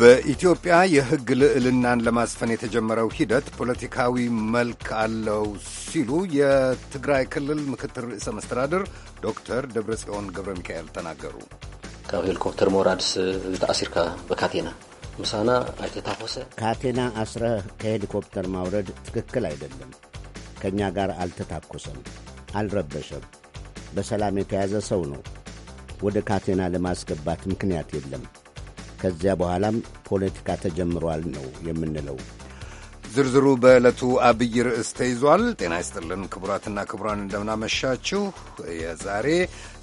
በኢትዮጵያ የሕግ ልዕልናን ለማስፈን የተጀመረው ሂደት ፖለቲካዊ መልክ አለው ሲሉ የትግራይ ክልል ምክትል ርዕሰ መስተዳድር ዶክተር ደብረጽዮን ገብረ ሚካኤል ተናገሩ። ካብ ሄሊኮፕተር ሞራድስ ተኣሲርካ በካቴና ምሳና ኣይተታኮሰ ካቴና አስረህ ከሄሊኮፕተር ማውረድ ትክክል አይደለም። ከእኛ ጋር አልተታኮሰም፣ አልረበሸም። በሰላም የተያዘ ሰው ነው። ወደ ካቴና ለማስገባት ምክንያት የለም። ከዚያ በኋላም ፖለቲካ ተጀምሯል ነው የምንለው። ዝርዝሩ በዕለቱ አብይ ርዕስ ተይዟል። ጤና ይስጥልን ክቡራትና ክቡራን፣ እንደምናመሻችሁ። የዛሬ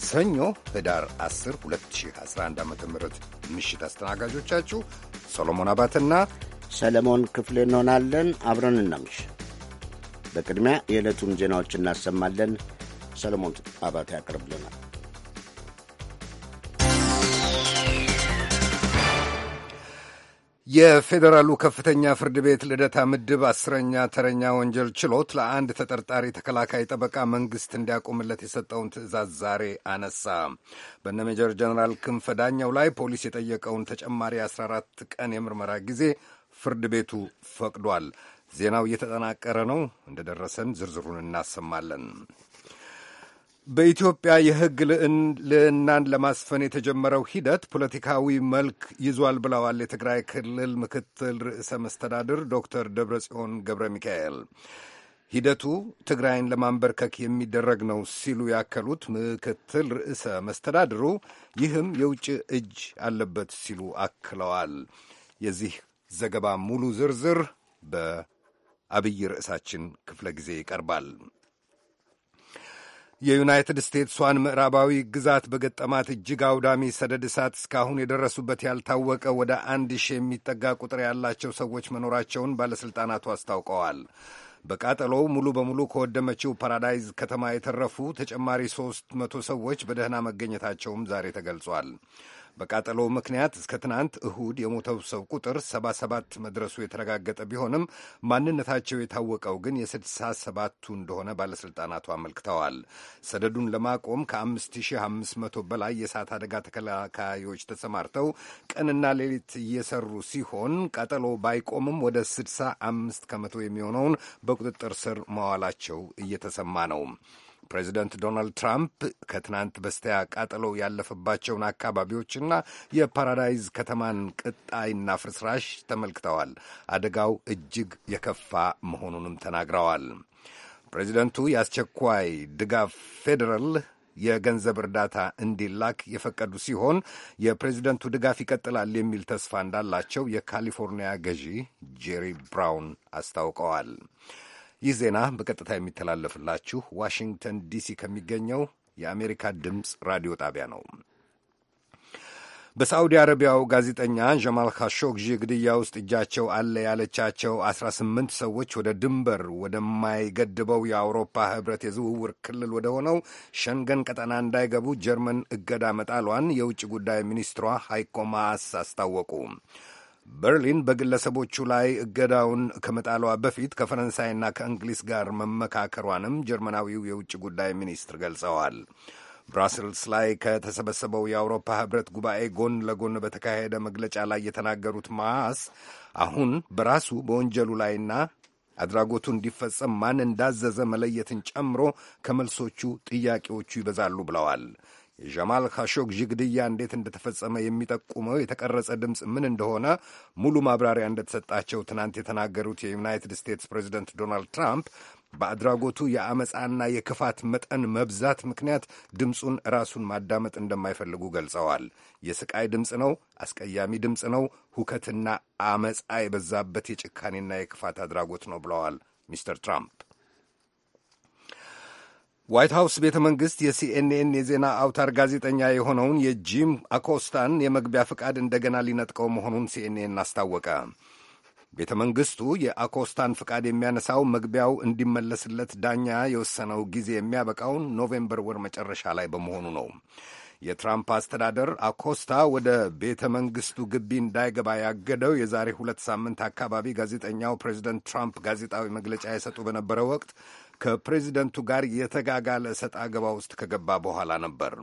ሰኞ ህዳር 10 2011 ዓ ም ምሽት አስተናጋጆቻችሁ ሰሎሞን አባትና ሰለሞን ክፍሌ እንሆናለን። አብረን እናምሽ። በቅድሚያ የዕለቱን ዜናዎች እናሰማለን። ሰለሞን አባተ ያቀርብልናል። የፌዴራሉ ከፍተኛ ፍርድ ቤት ልደታ ምድብ አስረኛ ተረኛ ወንጀል ችሎት ለአንድ ተጠርጣሪ ተከላካይ ጠበቃ መንግስት እንዲያቆምለት የሰጠውን ትዕዛዝ ዛሬ አነሳ። በነ ሜጀር ጀነራል ክንፈ ዳኘው ላይ ፖሊስ የጠየቀውን ተጨማሪ 14 ቀን የምርመራ ጊዜ ፍርድ ቤቱ ፈቅዷል። ዜናው እየተጠናቀረ ነው። እንደደረሰን ዝርዝሩን እናሰማለን። በኢትዮጵያ የሕግ ልዕናን ለማስፈን የተጀመረው ሂደት ፖለቲካዊ መልክ ይዟል ብለዋል የትግራይ ክልል ምክትል ርዕሰ መስተዳድር ዶክተር ደብረጽዮን ገብረ ሚካኤል። ሂደቱ ትግራይን ለማንበርከክ የሚደረግ ነው ሲሉ ያከሉት ምክትል ርዕሰ መስተዳድሩ ይህም የውጭ እጅ አለበት ሲሉ አክለዋል። የዚህ ዘገባ ሙሉ ዝርዝር በአብይ ርዕሳችን ክፍለ ጊዜ ይቀርባል። የዩናይትድ ስቴትሷን ምዕራባዊ ግዛት በገጠማት እጅግ አውዳሚ ሰደድ እሳት እስካሁን የደረሱበት ያልታወቀ ወደ አንድ ሺህ የሚጠጋ ቁጥር ያላቸው ሰዎች መኖራቸውን ባለሥልጣናቱ አስታውቀዋል። በቃጠሎው ሙሉ በሙሉ ከወደመችው ፓራዳይዝ ከተማ የተረፉ ተጨማሪ ሦስት መቶ ሰዎች በደህና መገኘታቸውም ዛሬ ተገልጿል። በቃጠሎ ምክንያት እስከ ትናንት እሁድ የሞተው ሰው ቁጥር 77 መድረሱ የተረጋገጠ ቢሆንም ማንነታቸው የታወቀው ግን የ 67 እንደሆነ ባለሥልጣናቱ አመልክተዋል። ሰደዱን ለማቆም ከ5500 በላይ የእሳት አደጋ ተከላካዮች ተሰማርተው ቀንና ሌሊት እየሰሩ ሲሆን ቃጠሎ ባይቆምም ወደ 65 ከመቶ የሚሆነውን በቁጥጥር ስር መዋላቸው እየተሰማ ነው። ፕሬዚደንት ዶናልድ ትራምፕ ከትናንት በስቲያ ቃጠሎ ያለፈባቸውን አካባቢዎችና የፓራዳይዝ ከተማን ቅጣይና ፍርስራሽ ተመልክተዋል። አደጋው እጅግ የከፋ መሆኑንም ተናግረዋል። ፕሬዚደንቱ የአስቸኳይ ድጋፍ ፌዴራል የገንዘብ እርዳታ እንዲላክ የፈቀዱ ሲሆን የፕሬዚደንቱ ድጋፍ ይቀጥላል የሚል ተስፋ እንዳላቸው የካሊፎርኒያ ገዢ ጄሪ ብራውን አስታውቀዋል። ይህ ዜና በቀጥታ የሚተላለፍላችሁ ዋሽንግተን ዲሲ ከሚገኘው የአሜሪካ ድምፅ ራዲዮ ጣቢያ ነው። በሳዑዲ አረቢያው ጋዜጠኛ ጀማል ካሾግዢ ግድያ ውስጥ እጃቸው አለ ያለቻቸው 18 ሰዎች ወደ ድንበር ወደማይገድበው የአውሮፓ ሕብረት የዝውውር ክልል ወደ ሆነው ሸንገን ቀጠና እንዳይገቡ ጀርመን እገዳ መጣሏን የውጭ ጉዳይ ሚኒስትሯ ሃይኮ ማስ አስታወቁ። በርሊን በግለሰቦቹ ላይ እገዳውን ከመጣሏ በፊት ከፈረንሳይና ከእንግሊዝ ጋር መመካከሯንም ጀርመናዊው የውጭ ጉዳይ ሚኒስትር ገልጸዋል። ብራስልስ ላይ ከተሰበሰበው የአውሮፓ ህብረት ጉባኤ ጎን ለጎን በተካሄደ መግለጫ ላይ የተናገሩት ማስ አሁን በራሱ በወንጀሉ ላይና አድራጎቱ እንዲፈጸም ማን እንዳዘዘ መለየትን ጨምሮ ከመልሶቹ ጥያቄዎቹ ይበዛሉ ብለዋል። የጀማል ካሾግዢ ግድያ እንዴት እንደተፈጸመ የሚጠቁመው የተቀረጸ ድምፅ ምን እንደሆነ ሙሉ ማብራሪያ እንደተሰጣቸው ትናንት የተናገሩት የዩናይትድ ስቴትስ ፕሬዚደንት ዶናልድ ትራምፕ በአድራጎቱ የአመፃና የክፋት መጠን መብዛት ምክንያት ድምፁን ራሱን ማዳመጥ እንደማይፈልጉ ገልጸዋል። የስቃይ ድምፅ ነው፣ አስቀያሚ ድምፅ ነው፣ ሁከትና አመፃ የበዛበት የጭካኔና የክፋት አድራጎት ነው ብለዋል ሚስተር ትራምፕ። ዋይት ሀውስ ቤተ መንግሥት የሲኤንኤን የዜና አውታር ጋዜጠኛ የሆነውን የጂም አኮስታን የመግቢያ ፍቃድ እንደገና ሊነጥቀው መሆኑን ሲኤንኤን አስታወቀ። ቤተ መንግሥቱ የአኮስታን ፍቃድ የሚያነሳው መግቢያው እንዲመለስለት ዳኛ የወሰነው ጊዜ የሚያበቃውን ኖቬምበር ወር መጨረሻ ላይ በመሆኑ ነው። የትራምፕ አስተዳደር አኮስታ ወደ ቤተ መንግሥቱ ግቢ እንዳይገባ ያገደው የዛሬ ሁለት ሳምንት አካባቢ ጋዜጠኛው ፕሬዚደንት ትራምፕ ጋዜጣዊ መግለጫ የሰጡ በነበረ ወቅት ከፕሬዚደንቱ ጋር የተጋጋለ እሰጥ አገባ ውስጥ ከገባ በኋላ ነበር።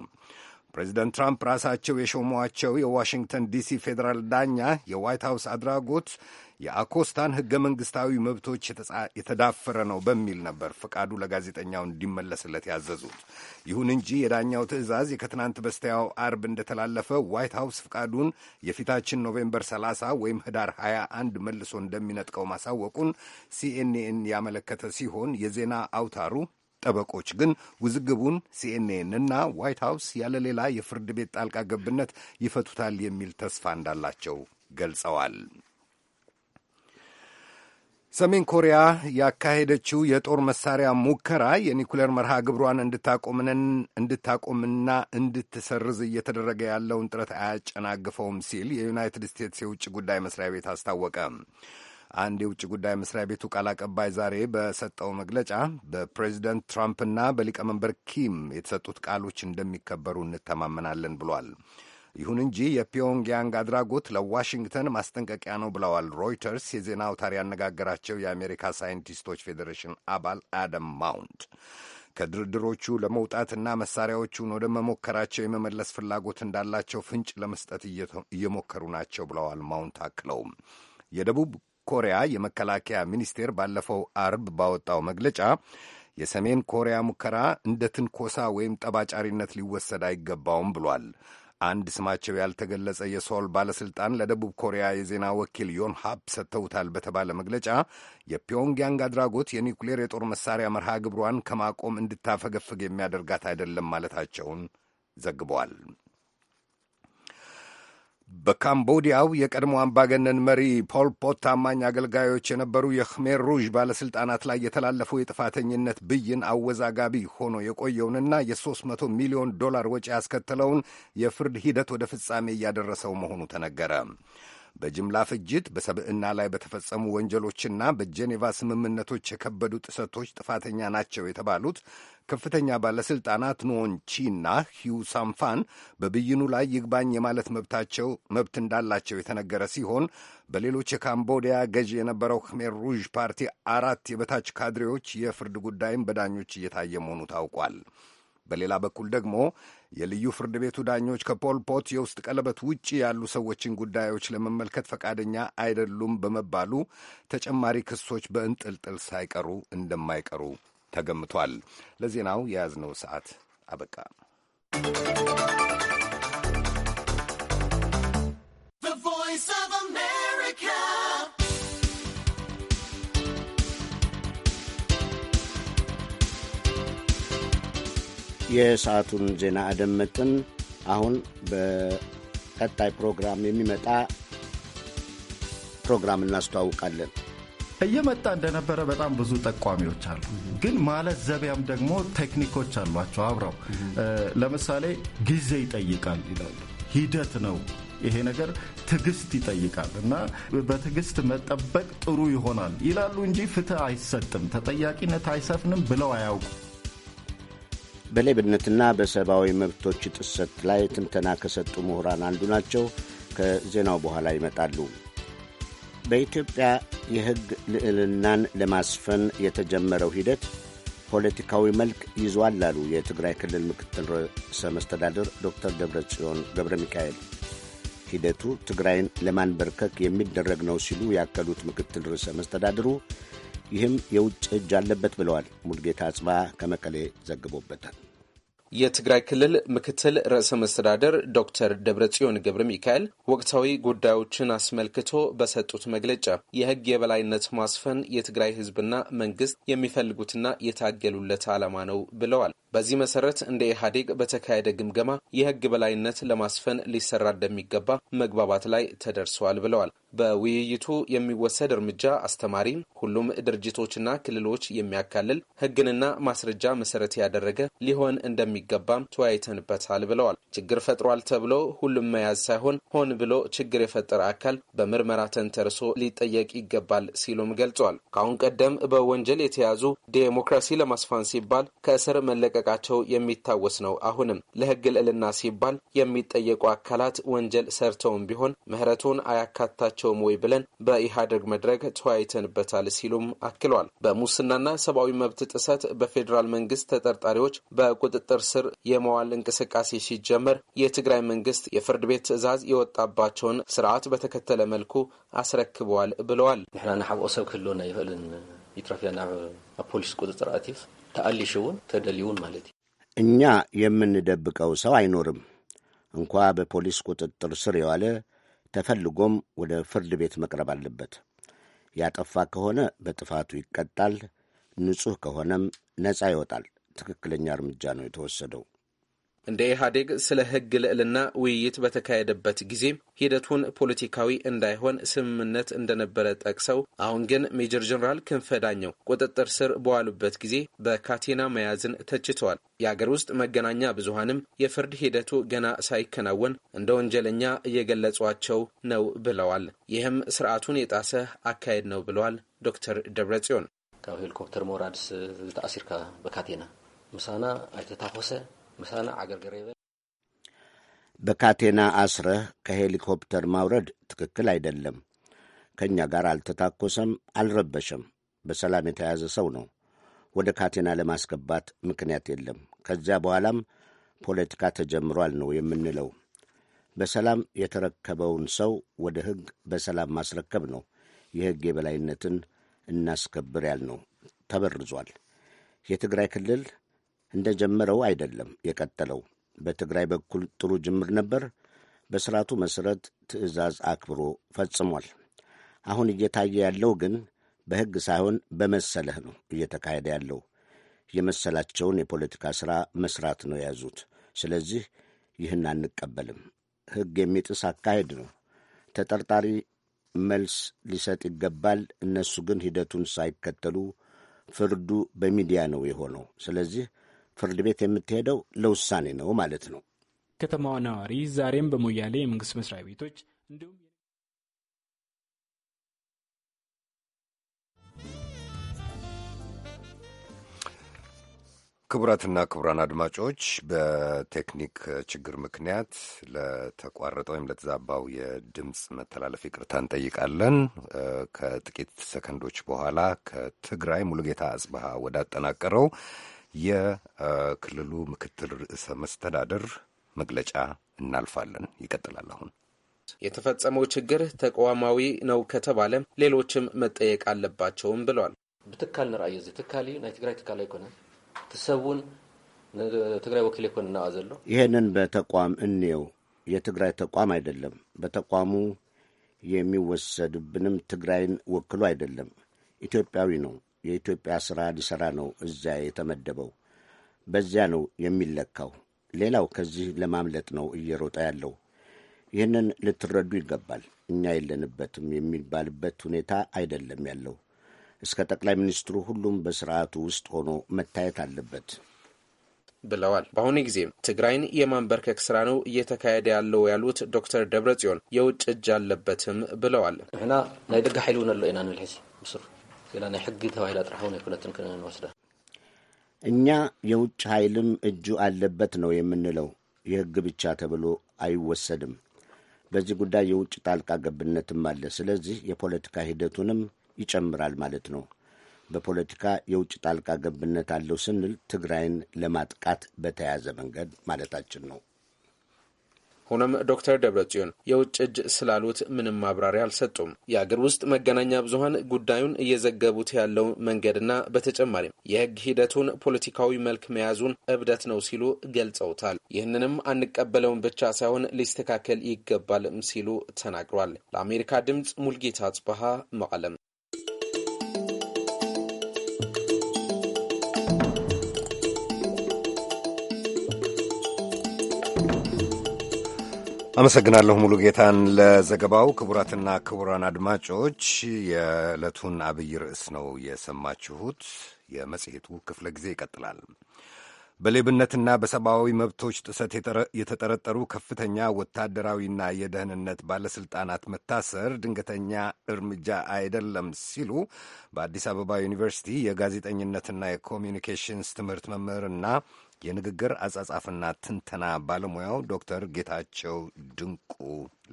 ፕሬዚደንት ትራምፕ ራሳቸው የሾሟቸው የዋሽንግተን ዲሲ ፌዴራል ዳኛ የዋይት ሀውስ አድራጎት የአኮስታን ሕገ መንግሥታዊ መብቶች የተዳፈረ ነው በሚል ነበር ፈቃዱ ለጋዜጠኛው እንዲመለስለት ያዘዙት። ይሁን እንጂ የዳኛው ትዕዛዝ ከትናንት በስቲያው አርብ እንደተላለፈ ዋይት ሃውስ ፈቃዱን የፊታችን ኖቬምበር 30 ወይም ህዳር 21 መልሶ እንደሚነጥቀው ማሳወቁን ሲኤንኤን ያመለከተ ሲሆን የዜና አውታሩ ጠበቆች ግን ውዝግቡን ሲኤንኤን እና ዋይት ሃውስ ያለ ሌላ የፍርድ ቤት ጣልቃ ገብነት ይፈቱታል የሚል ተስፋ እንዳላቸው ገልጸዋል። ሰሜን ኮሪያ ያካሄደችው የጦር መሳሪያ ሙከራ የኒኩሌር መርሃ ግብሯን እንድታቆምና እንድትሰርዝ እየተደረገ ያለውን ጥረት አያጨናግፈውም ሲል የዩናይትድ ስቴትስ የውጭ ጉዳይ መስሪያ ቤት አስታወቀ። አንድ የውጭ ጉዳይ መስሪያ ቤቱ ቃል አቀባይ ዛሬ በሰጠው መግለጫ በፕሬዚደንት ትራምፕና በሊቀመንበር ኪም የተሰጡት ቃሎች እንደሚከበሩ እንተማመናለን ብሏል። ይሁን እንጂ የፒዮንግያንግ አድራጎት ለዋሽንግተን ማስጠንቀቂያ ነው ብለዋል ሮይተርስ የዜና አውታር ያነጋገራቸው የአሜሪካ ሳይንቲስቶች ፌዴሬሽን አባል አደም ማውንት። ከድርድሮቹ ለመውጣትና መሳሪያዎቹን ወደ መሞከራቸው የመመለስ ፍላጎት እንዳላቸው ፍንጭ ለመስጠት እየሞከሩ ናቸው ብለዋል ማውንት አክለውም የደቡብ ኮሪያ የመከላከያ ሚኒስቴር ባለፈው አርብ ባወጣው መግለጫ የሰሜን ኮሪያ ሙከራ እንደ ትንኮሳ ወይም ጠባጫሪነት ሊወሰድ አይገባውም ብሏል። አንድ ስማቸው ያልተገለጸ የሶል ባለሥልጣን ለደቡብ ኮሪያ የዜና ወኪል ዮን ሀብ ሰጥተውታል በተባለ መግለጫ የፒዮንግያንግ አድራጎት የኒውክሌር የጦር መሳሪያ መርሃ ግብሯን ከማቆም እንድታፈገፍግ የሚያደርጋት አይደለም ማለታቸውን ዘግበዋል። በካምቦዲያው የቀድሞ አምባገነን መሪ ፖል ፖት ታማኝ አገልጋዮች የነበሩ የኽሜር ሩዥ ባለሥልጣናት ላይ የተላለፈው የጥፋተኝነት ብይን አወዛጋቢ ሆኖ የቆየውንና የ300 ሚሊዮን ዶላር ወጪ ያስከተለውን የፍርድ ሂደት ወደ ፍጻሜ እያደረሰው መሆኑ ተነገረ። በጅምላ ፍጅት፣ በሰብዕና ላይ በተፈጸሙ ወንጀሎችና በጄኔቫ ስምምነቶች የከበዱ ጥሰቶች ጥፋተኛ ናቸው የተባሉት ከፍተኛ ባለሥልጣናት ኖን ቺና ሂዩ ሳምፋን በብይኑ ላይ ይግባኝ የማለት መብታቸው መብት እንዳላቸው የተነገረ ሲሆን በሌሎች የካምቦዲያ ገዢ የነበረው ክሜር ሩዥ ፓርቲ አራት የበታች ካድሬዎች የፍርድ ጉዳይም በዳኞች እየታየ መሆኑ ታውቋል። በሌላ በኩል ደግሞ የልዩ ፍርድ ቤቱ ዳኞች ከፖል ፖት የውስጥ ቀለበት ውጪ ያሉ ሰዎችን ጉዳዮች ለመመልከት ፈቃደኛ አይደሉም በመባሉ ተጨማሪ ክሶች በእንጥልጥል ሳይቀሩ እንደማይቀሩ ተገምቷል። ለዜናው የያዝነው ሰዓት አበቃ። የሰዓቱን ዜና አደመጥን። አሁን በቀጣይ ፕሮግራም የሚመጣ ፕሮግራም እናስተዋውቃለን። እየመጣ እንደነበረ በጣም ብዙ ጠቋሚዎች አሉ፣ ግን ማለት ዘቢያም ደግሞ ቴክኒኮች አሏቸው አብረው። ለምሳሌ ጊዜ ይጠይቃል ይላሉ፣ ሂደት ነው ይሄ ነገር ትዕግስት ይጠይቃል እና በትዕግስት መጠበቅ ጥሩ ይሆናል ይላሉ እንጂ ፍትህ አይሰጥም፣ ተጠያቂነት አይሰፍንም ብለው አያውቁም። በሌብነትና በሰብአዊ መብቶች ጥሰት ላይ ትንተና ከሰጡ ምሁራን አንዱ ናቸው። ከዜናው በኋላ ይመጣሉ። በኢትዮጵያ የሕግ ልዕልናን ለማስፈን የተጀመረው ሂደት ፖለቲካዊ መልክ ይዟል አሉ የትግራይ ክልል ምክትል ርዕሰ መስተዳድር ዶክተር ደብረ ጽዮን ገብረ ሚካኤል። ሂደቱ ትግራይን ለማንበርከክ የሚደረግ ነው ሲሉ ያከሉት ምክትል ርዕሰ መስተዳድሩ ይህም የውጭ እጅ አለበት ብለዋል። ሙልጌታ አጽባ ከመቀሌ ዘግቦበታል። የትግራይ ክልል ምክትል ርዕሰ መስተዳደር ዶክተር ደብረጽዮን ገብረ ሚካኤል ወቅታዊ ጉዳዮችን አስመልክቶ በሰጡት መግለጫ የሕግ የበላይነት ማስፈን የትግራይ ሕዝብና መንግስት የሚፈልጉትና የታገሉለት ዓላማ ነው ብለዋል። በዚህ መሰረት እንደ ኢህአዴግ በተካሄደ ግምገማ የህግ በላይነት ለማስፈን ሊሰራ እንደሚገባ መግባባት ላይ ተደርሰዋል ብለዋል። በውይይቱ የሚወሰድ እርምጃ አስተማሪ፣ ሁሉም ድርጅቶችና ክልሎች የሚያካልል ህግንና ማስረጃ መሰረት ያደረገ ሊሆን እንደሚገባም ተወያይተንበታል ብለዋል። ችግር ፈጥሯል ተብሎ ሁሉም መያዝ ሳይሆን ሆን ብሎ ችግር የፈጠረ አካል በምርመራ ተንተርሶ ሊጠየቅ ይገባል ሲሉም ገልጿል። ከአሁን ቀደም በወንጀል የተያዙ ዴሞክራሲ ለማስፋን ሲባል ከእስር መለቀ መለቀቃቸው የሚታወስ ነው። አሁንም ለህግ ልዕልና ሲባል የሚጠየቁ አካላት ወንጀል ሰርተውም ቢሆን ምህረቱን አያካታቸውም ወይ ብለን በኢህአዴግ መድረክ ተወያይተንበታል ሲሉም አክሏል። በሙስናና ሰብአዊ መብት ጥሰት በፌዴራል መንግስት ተጠርጣሪዎች በቁጥጥር ስር የመዋል እንቅስቃሴ ሲጀመር የትግራይ መንግስት የፍርድ ቤት ትዕዛዝ የወጣባቸውን ስርዓት በተከተለ መልኩ አስረክበዋል ብለዋል። ንሕና ንሓብኦ ሰብ ክህልዎና ይኽእልን ኢትራፊያ ናብ ፖሊስ ቁጥጥር ኣቲፍ ተአሊሽውን ተደሊውን ማለት እኛ የምንደብቀው ሰው አይኖርም። እንኳ በፖሊስ ቁጥጥር ስር የዋለ ተፈልጎም ወደ ፍርድ ቤት መቅረብ አለበት። ያጠፋ ከሆነ በጥፋቱ ይቀጣል። ንጹሕ ከሆነም ነጻ ይወጣል። ትክክለኛ እርምጃ ነው የተወሰደው። እንደ ኢህአዴግ ስለ ህግ ልዕልና ውይይት በተካሄደበት ጊዜም ሂደቱን ፖለቲካዊ እንዳይሆን ስምምነት እንደነበረ ጠቅሰው አሁን ግን ሜጀር ጀኔራል ክንፈ ዳኘው ቁጥጥር ስር በዋሉበት ጊዜ በካቴና መያዝን ተችተዋል። የአገር ውስጥ መገናኛ ብዙሃንም የፍርድ ሂደቱ ገና ሳይከናወን እንደ ወንጀለኛ እየገለጿቸው ነው ብለዋል። ይህም ስርዓቱን የጣሰ አካሄድ ነው ብለዋል ዶክተር ጽዮን ካብ ሄሊኮፕተር ሞራድስ ዝተኣሲርካ በካቴና ምሳና ኣይተታኮሰ በካቴና አስረህ ከሄሊኮፕተር ማውረድ ትክክል አይደለም። ከእኛ ጋር አልተታኮሰም፣ አልረበሸም። በሰላም የተያዘ ሰው ነው። ወደ ካቴና ለማስገባት ምክንያት የለም። ከዚያ በኋላም ፖለቲካ ተጀምሯል ነው የምንለው። በሰላም የተረከበውን ሰው ወደ ሕግ በሰላም ማስረከብ ነው የሕግ የበላይነትን እናስከብር ያልነው። ተበርዟል። የትግራይ ክልል እንደጀመረው አይደለም የቀጠለው። በትግራይ በኩል ጥሩ ጅምር ነበር። በስርዓቱ መሠረት ትዕዛዝ አክብሮ ፈጽሟል። አሁን እየታየ ያለው ግን በሕግ ሳይሆን በመሰለህ ነው እየተካሄደ ያለው። የመሰላቸውን የፖለቲካ ሥራ መስራት ነው የያዙት። ስለዚህ ይህን አንቀበልም። ሕግ የሚጥስ አካሄድ ነው። ተጠርጣሪ መልስ ሊሰጥ ይገባል። እነሱ ግን ሂደቱን ሳይከተሉ ፍርዱ በሚዲያ ነው የሆነው። ስለዚህ ፍርድ ቤት የምትሄደው ለውሳኔ ነው ማለት ነው። ከተማዋ ነዋሪ ዛሬም በሞያሌ የመንግስት መስሪያ ቤቶች እንዲሁም ክቡራትና ክቡራን አድማጮች በቴክኒክ ችግር ምክንያት ለተቋረጠ ወይም ለተዛባው የድምፅ መተላለፍ ይቅርታ እንጠይቃለን። ከጥቂት ሰከንዶች በኋላ ከትግራይ ሙሉጌታ አጽብሃ ወዳጠናቀረው የክልሉ ምክትል ርዕሰ መስተዳድር መግለጫ እናልፋለን። ይቀጥላል አሁን የተፈጸመው ችግር ተቋማዊ ነው ከተባለ ሌሎችም መጠየቅ አለባቸውም ብሏል። ብትካል ንርአየ እዚ ትካል ናይ ትግራይ ትካል አይኮነ ትሰውን ትግራይ ወኪል ይኮን እናዋ ዘሎ ይህንን በተቋም እንየው። የትግራይ ተቋም አይደለም። በተቋሙ የሚወሰድብንም ትግራይን ወክሎ አይደለም። ኢትዮጵያዊ ነው። የኢትዮጵያ ስራ ሊሰራ ነው እዚያ የተመደበው። በዚያ ነው የሚለካው። ሌላው ከዚህ ለማምለጥ ነው እየሮጠ ያለው። ይህንን ልትረዱ ይገባል። እኛ የለንበትም የሚባልበት ሁኔታ አይደለም ያለው። እስከ ጠቅላይ ሚኒስትሩ ሁሉም በስርዓቱ ውስጥ ሆኖ መታየት አለበት ብለዋል። በአሁኑ ጊዜ ትግራይን የማንበርከክ ስራ ነው እየተካሄደ ያለው ያሉት ዶክተር ደብረ ጽዮን የውጭ እጅ አለበትም ብለዋል። ንሕና ናይ ደጋ ሓይል እውን ኣሎ ኢና ንብል ሕዚ ምስሩ ሌላ ናይ ሕጊ ተባሂል ኣጥራሕ እውን ኣይኮነትን ክንወስዳ እኛ የውጭ ኃይልም እጁ አለበት ነው የምንለው። የሕግ ብቻ ተብሎ አይወሰድም። በዚህ ጉዳይ የውጭ ጣልቃ ገብነትም አለ። ስለዚህ የፖለቲካ ሂደቱንም ይጨምራል ማለት ነው። በፖለቲካ የውጭ ጣልቃ ገብነት አለው ስንል ትግራይን ለማጥቃት በተያያዘ መንገድ ማለታችን ነው። ሆኖም ዶክተር ደብረጽዮን የውጭ እጅ ስላሉት ምንም ማብራሪያ አልሰጡም። የአገር ውስጥ መገናኛ ብዙሀን ጉዳዩን እየዘገቡት ያለው መንገድና በተጨማሪም የህግ ሂደቱን ፖለቲካዊ መልክ መያዙን እብደት ነው ሲሉ ገልጸውታል። ይህንንም አንቀበለውን ብቻ ሳይሆን ሊስተካከል ይገባልም ሲሉ ተናግሯል። ለአሜሪካ ድምፅ ሙልጌታ አጽበሃ መቀለም አመሰግናለሁ ሙሉ ጌታን ለዘገባው። ክቡራትና ክቡራን አድማጮች የዕለቱን አብይ ርዕስ ነው የሰማችሁት። የመጽሔቱ ክፍለ ጊዜ ይቀጥላል። በሌብነትና በሰብአዊ መብቶች ጥሰት የተጠረጠሩ ከፍተኛ ወታደራዊና የደህንነት ባለሥልጣናት መታሰር ድንገተኛ እርምጃ አይደለም ሲሉ በአዲስ አበባ ዩኒቨርሲቲ የጋዜጠኝነትና የኮሚኒኬሽንስ ትምህርት መምህርና የንግግር አጻጻፍና ትንተና ባለሙያው ዶክተር ጌታቸው ድንቁ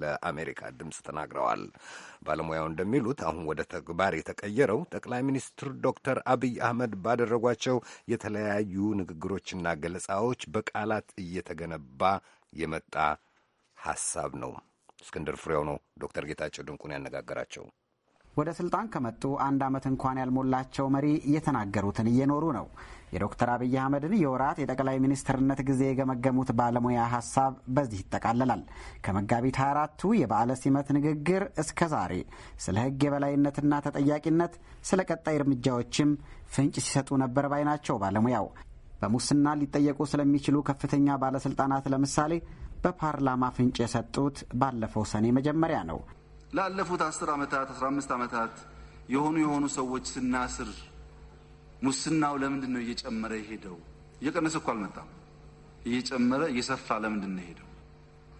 ለአሜሪካ ድምፅ ተናግረዋል። ባለሙያው እንደሚሉት አሁን ወደ ተግባር የተቀየረው ጠቅላይ ሚኒስትር ዶክተር አብይ አህመድ ባደረጓቸው የተለያዩ ንግግሮችና ገለጻዎች በቃላት እየተገነባ የመጣ ሐሳብ ነው። እስክንድር ፍሬው ነው ዶክተር ጌታቸው ድንቁን ያነጋገራቸው። ወደ ስልጣን ከመጡ አንድ ዓመት እንኳን ያልሞላቸው መሪ እየተናገሩትን እየኖሩ ነው። የዶክተር አብይ አህመድን የወራት የጠቅላይ ሚኒስትርነት ጊዜ የገመገሙት ባለሙያ ሀሳብ በዚህ ይጠቃለላል። ከመጋቢት 24ቱ የበዓለ ሲመት ንግግር እስከ ዛሬ ስለ ሕግ የበላይነትና ተጠያቂነት፣ ስለ ቀጣይ እርምጃዎችም ፍንጭ ሲሰጡ ነበር ባይ ናቸው ባለሙያው። በሙስና ሊጠየቁ ስለሚችሉ ከፍተኛ ባለስልጣናት ለምሳሌ በፓርላማ ፍንጭ የሰጡት ባለፈው ሰኔ መጀመሪያ ነው። ላለፉት አስር ዓመታት አስራ አምስት ዓመታት የሆኑ የሆኑ ሰዎች ስናስር ሙስናው ለምንድን ነው እየጨመረ የሄደው? እየቀነሰ እኮ አልመጣም። እየጨመረ እየሰፋ ለምንድን ነው የሄደው?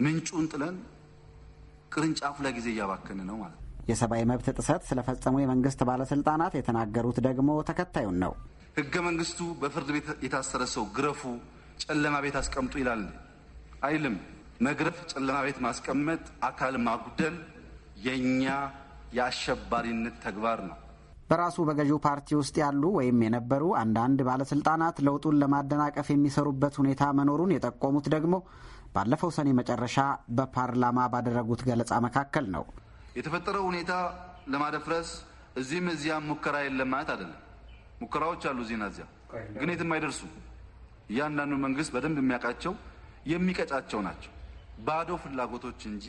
ምንጩን ጥለን ቅርንጫፉ ጊዜ እያባከን ነው ማለት ነው። የሰብአዊ መብት ጥሰት ስለፈጸሙ የመንግስት ባለስልጣናት የተናገሩት ደግሞ ተከታዩን ነው። ህገ መንግስቱ በፍርድ ቤት የታሰረ ሰው ግረፉ፣ ጨለማ ቤት አስቀምጡ ይላል አይልም። መግረፍ፣ ጨለማ ቤት ማስቀመጥ፣ አካል ማጉደል የእኛ የአሸባሪነት ተግባር ነው። በራሱ በገዢው ፓርቲ ውስጥ ያሉ ወይም የነበሩ አንዳንድ ባለስልጣናት ለውጡን ለማደናቀፍ የሚሰሩበት ሁኔታ መኖሩን የጠቆሙት ደግሞ ባለፈው ሰኔ መጨረሻ በፓርላማ ባደረጉት ገለጻ መካከል ነው። የተፈጠረው ሁኔታ ለማደፍረስ እዚህም እዚያም ሙከራ የለም ማለት አይደለም። ሙከራዎች አሉ እዚህና እዚያ፣ ግን የትም አይደርሱ። እያንዳንዱ መንግስት በደንብ የሚያውቃቸው የሚቀጫቸው ናቸው። ባዶ ፍላጎቶች እንጂ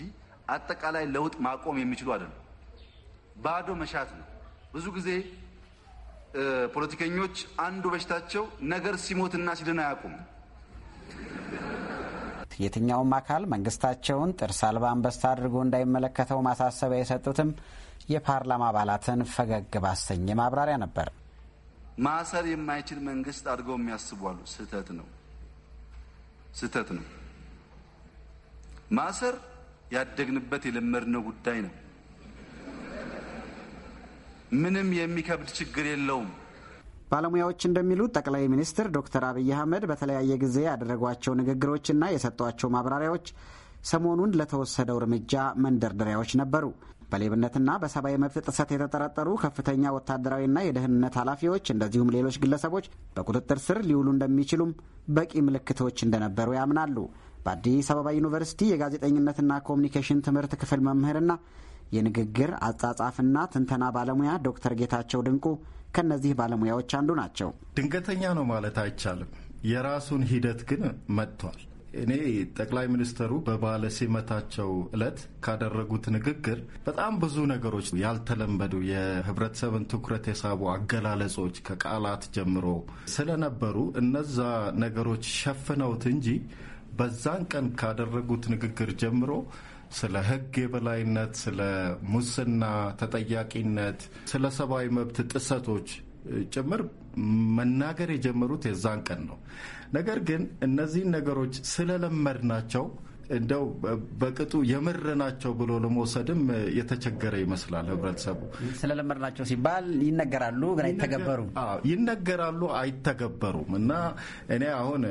አጠቃላይ ለውጥ ማቆም የሚችሉ አይደሉም። ባዶ መሻት ነው። ብዙ ጊዜ ፖለቲከኞች አንዱ በሽታቸው ነገር ሲሞትና ሲድን አያውቁም። የትኛውም አካል መንግስታቸውን ጥርስ አልባ አንበሳ አድርጎ እንዳይመለከተው ማሳሰቢያ የሰጡትም የፓርላማ አባላትን ፈገግ ባሰኘ ማብራሪያ ነበር። ማሰር የማይችል መንግስት አድርገው የሚያስቡ አሉ። ስህተት ነው፣ ስህተት ነው። ማሰር ያደግንበት የለመድነው ጉዳይ ነው። ምንም የሚከብድ ችግር የለውም። ባለሙያዎች እንደሚሉት ጠቅላይ ሚኒስትር ዶክተር አብይ አህመድ በተለያየ ጊዜ ያደረጓቸው ንግግሮችና የሰጧቸው ማብራሪያዎች ሰሞኑን ለተወሰደው እርምጃ መንደርደሪያዎች ነበሩ። በሌብነትና በሰብአዊ መብት ጥሰት የተጠረጠሩ ከፍተኛ ወታደራዊና የደህንነት ኃላፊዎች እንደዚሁም ሌሎች ግለሰቦች በቁጥጥር ስር ሊውሉ እንደሚችሉም በቂ ምልክቶች እንደነበሩ ያምናሉ። በአዲስ አበባ ዩኒቨርሲቲ የጋዜጠኝነትና ኮሚኒኬሽን ትምህርት ክፍል መምህርና የንግግር አጻጻፍና ትንተና ባለሙያ ዶክተር ጌታቸው ድንቁ ከእነዚህ ባለሙያዎች አንዱ ናቸው። ድንገተኛ ነው ማለት አይቻልም። የራሱን ሂደት ግን መጥቷል። እኔ ጠቅላይ ሚኒስትሩ በባለ ሲመታቸው ዕለት ካደረጉት ንግግር በጣም ብዙ ነገሮች ያልተለመዱ የህብረተሰብን ትኩረት የሳቡ አገላለጾች ከቃላት ጀምሮ ስለነበሩ እነዛ ነገሮች ሸፍነውት እንጂ በዛን ቀን ካደረጉት ንግግር ጀምሮ ስለ ሕግ የበላይነት፣ ስለ ሙስና ተጠያቂነት፣ ስለ ሰብአዊ መብት ጥሰቶች ጭምር መናገር የጀመሩት የዛን ቀን ነው። ነገር ግን እነዚህን ነገሮች ስለለመድ ናቸው። እንደው በቅጡ የምር ናቸው ብሎ ለመውሰድም የተቸገረ ይመስላል ህብረተሰቡ። ናቸው ሲባል ይነገራሉ፣ ግን አይተገበሩም። ይነገራሉ፣ አይተገበሩም። እና እኔ አሁን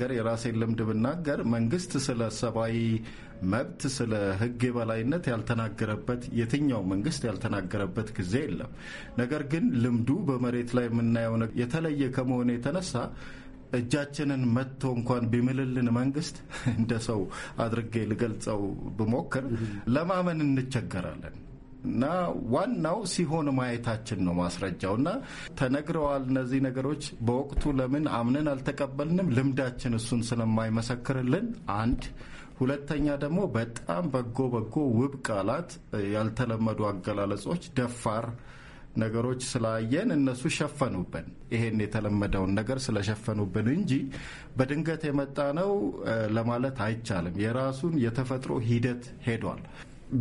ገር የራሴን ልምድ ብናገር መንግስት ስለ ሰብአዊ መብት ስለ ህግ የበላይነት ያልተናገረበት የትኛው መንግስት ያልተናገረበት ጊዜ የለም። ነገር ግን ልምዱ በመሬት ላይ የምናየው የተለየ ከመሆኑ የተነሳ እጃችንን መጥቶ እንኳን ቢምልልን መንግስት እንደ ሰው አድርጌ ልገልጸው ብሞክር ለማመን እንቸገራለን። እና ዋናው ሲሆን ማየታችን ነው ማስረጃው። እና ተነግረዋል እነዚህ ነገሮች በወቅቱ ለምን አምነን አልተቀበልንም? ልምዳችን እሱን ስለማይመሰክርልን አንድ ሁለተኛ ደግሞ በጣም በጎ በጎ ውብ ቃላት፣ ያልተለመዱ አገላለጾች፣ ደፋር ነገሮች ስላየን እነሱ ሸፈኑብን። ይሄን የተለመደውን ነገር ስለሸፈኑብን እንጂ በድንገት የመጣ ነው ለማለት አይቻልም። የራሱን የተፈጥሮ ሂደት ሄዷል።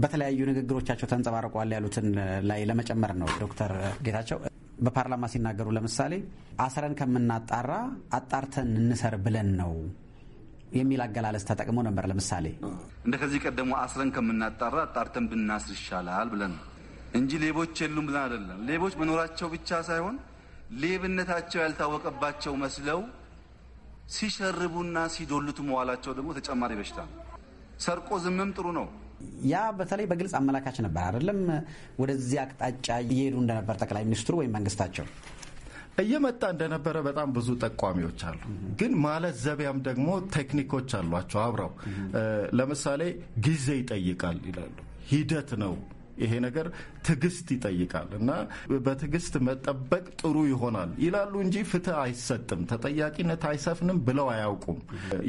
በተለያዩ ንግግሮቻቸው ተንጸባርቋል ያሉትን ላይ ለመጨመር ነው ዶክተር ጌታቸው በፓርላማ ሲናገሩ ለምሳሌ አስረን ከምናጣራ አጣርተን እንሰር ብለን ነው የሚል አገላለጽ ተጠቅሞ ነበር። ለምሳሌ እንደ ከዚህ ቀደሙ አስረን ከምናጣራ አጣርተን ብናስር ይሻላል ብለን ነው እንጂ ሌቦች የሉም ብለን አይደለም። ሌቦች መኖራቸው ብቻ ሳይሆን ሌብነታቸው ያልታወቀባቸው መስለው ሲሸርቡና ሲዶሉት መዋላቸው ደግሞ ተጨማሪ በሽታ ነው። ሰርቆ ዝምም ጥሩ ነው። ያ በተለይ በግልጽ አመላካች ነበር አይደለም? ወደዚህ አቅጣጫ እየሄዱ እንደነበር ጠቅላይ ሚኒስትሩ ወይም መንግስታቸው እየመጣ እንደነበረ በጣም ብዙ ጠቋሚዎች አሉ። ግን ማለት ዘቢያም ደግሞ ቴክኒኮች አሏቸው አብረው። ለምሳሌ ጊዜ ይጠይቃል ይላሉ። ሂደት ነው ይሄ ነገር ትዕግስት ይጠይቃል እና በትዕግስት መጠበቅ ጥሩ ይሆናል ይላሉ እንጂ ፍትህ አይሰጥም፣ ተጠያቂነት አይሰፍንም ብለው አያውቁም።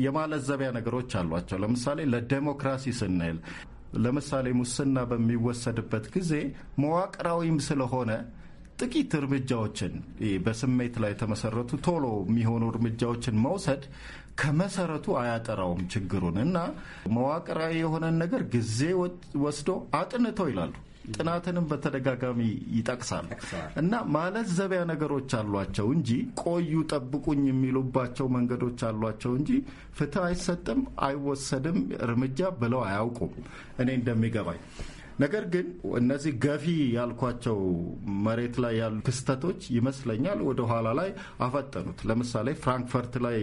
የማለዘቢያ ነገሮች አሏቸው። ለምሳሌ ለዴሞክራሲ ስንል ለምሳሌ ሙስና በሚወሰድበት ጊዜ መዋቅራዊም ስለሆነ ጥቂት እርምጃዎችን በስሜት ላይ የተመሰረቱ ቶሎ የሚሆኑ እርምጃዎችን መውሰድ ከመሰረቱ አያጠራውም ችግሩን እና መዋቅራዊ የሆነን ነገር ጊዜ ወስዶ አጥንተው ይላሉ። ጥናትንም በተደጋጋሚ ይጠቅሳሉ እና ማለዘቢያ ነገሮች አሏቸው እንጂ ቆዩ ጠብቁኝ የሚሉባቸው መንገዶች አሏቸው እንጂ ፍትህ አይሰጥም፣ አይወሰድም እርምጃ ብለው አያውቁም እኔ እንደሚገባኝ ነገር ግን እነዚህ ገፊ ያልኳቸው መሬት ላይ ያሉ ክስተቶች ይመስለኛል ወደ ኋላ ላይ አፈጠኑት። ለምሳሌ ፍራንክፈርት ላይ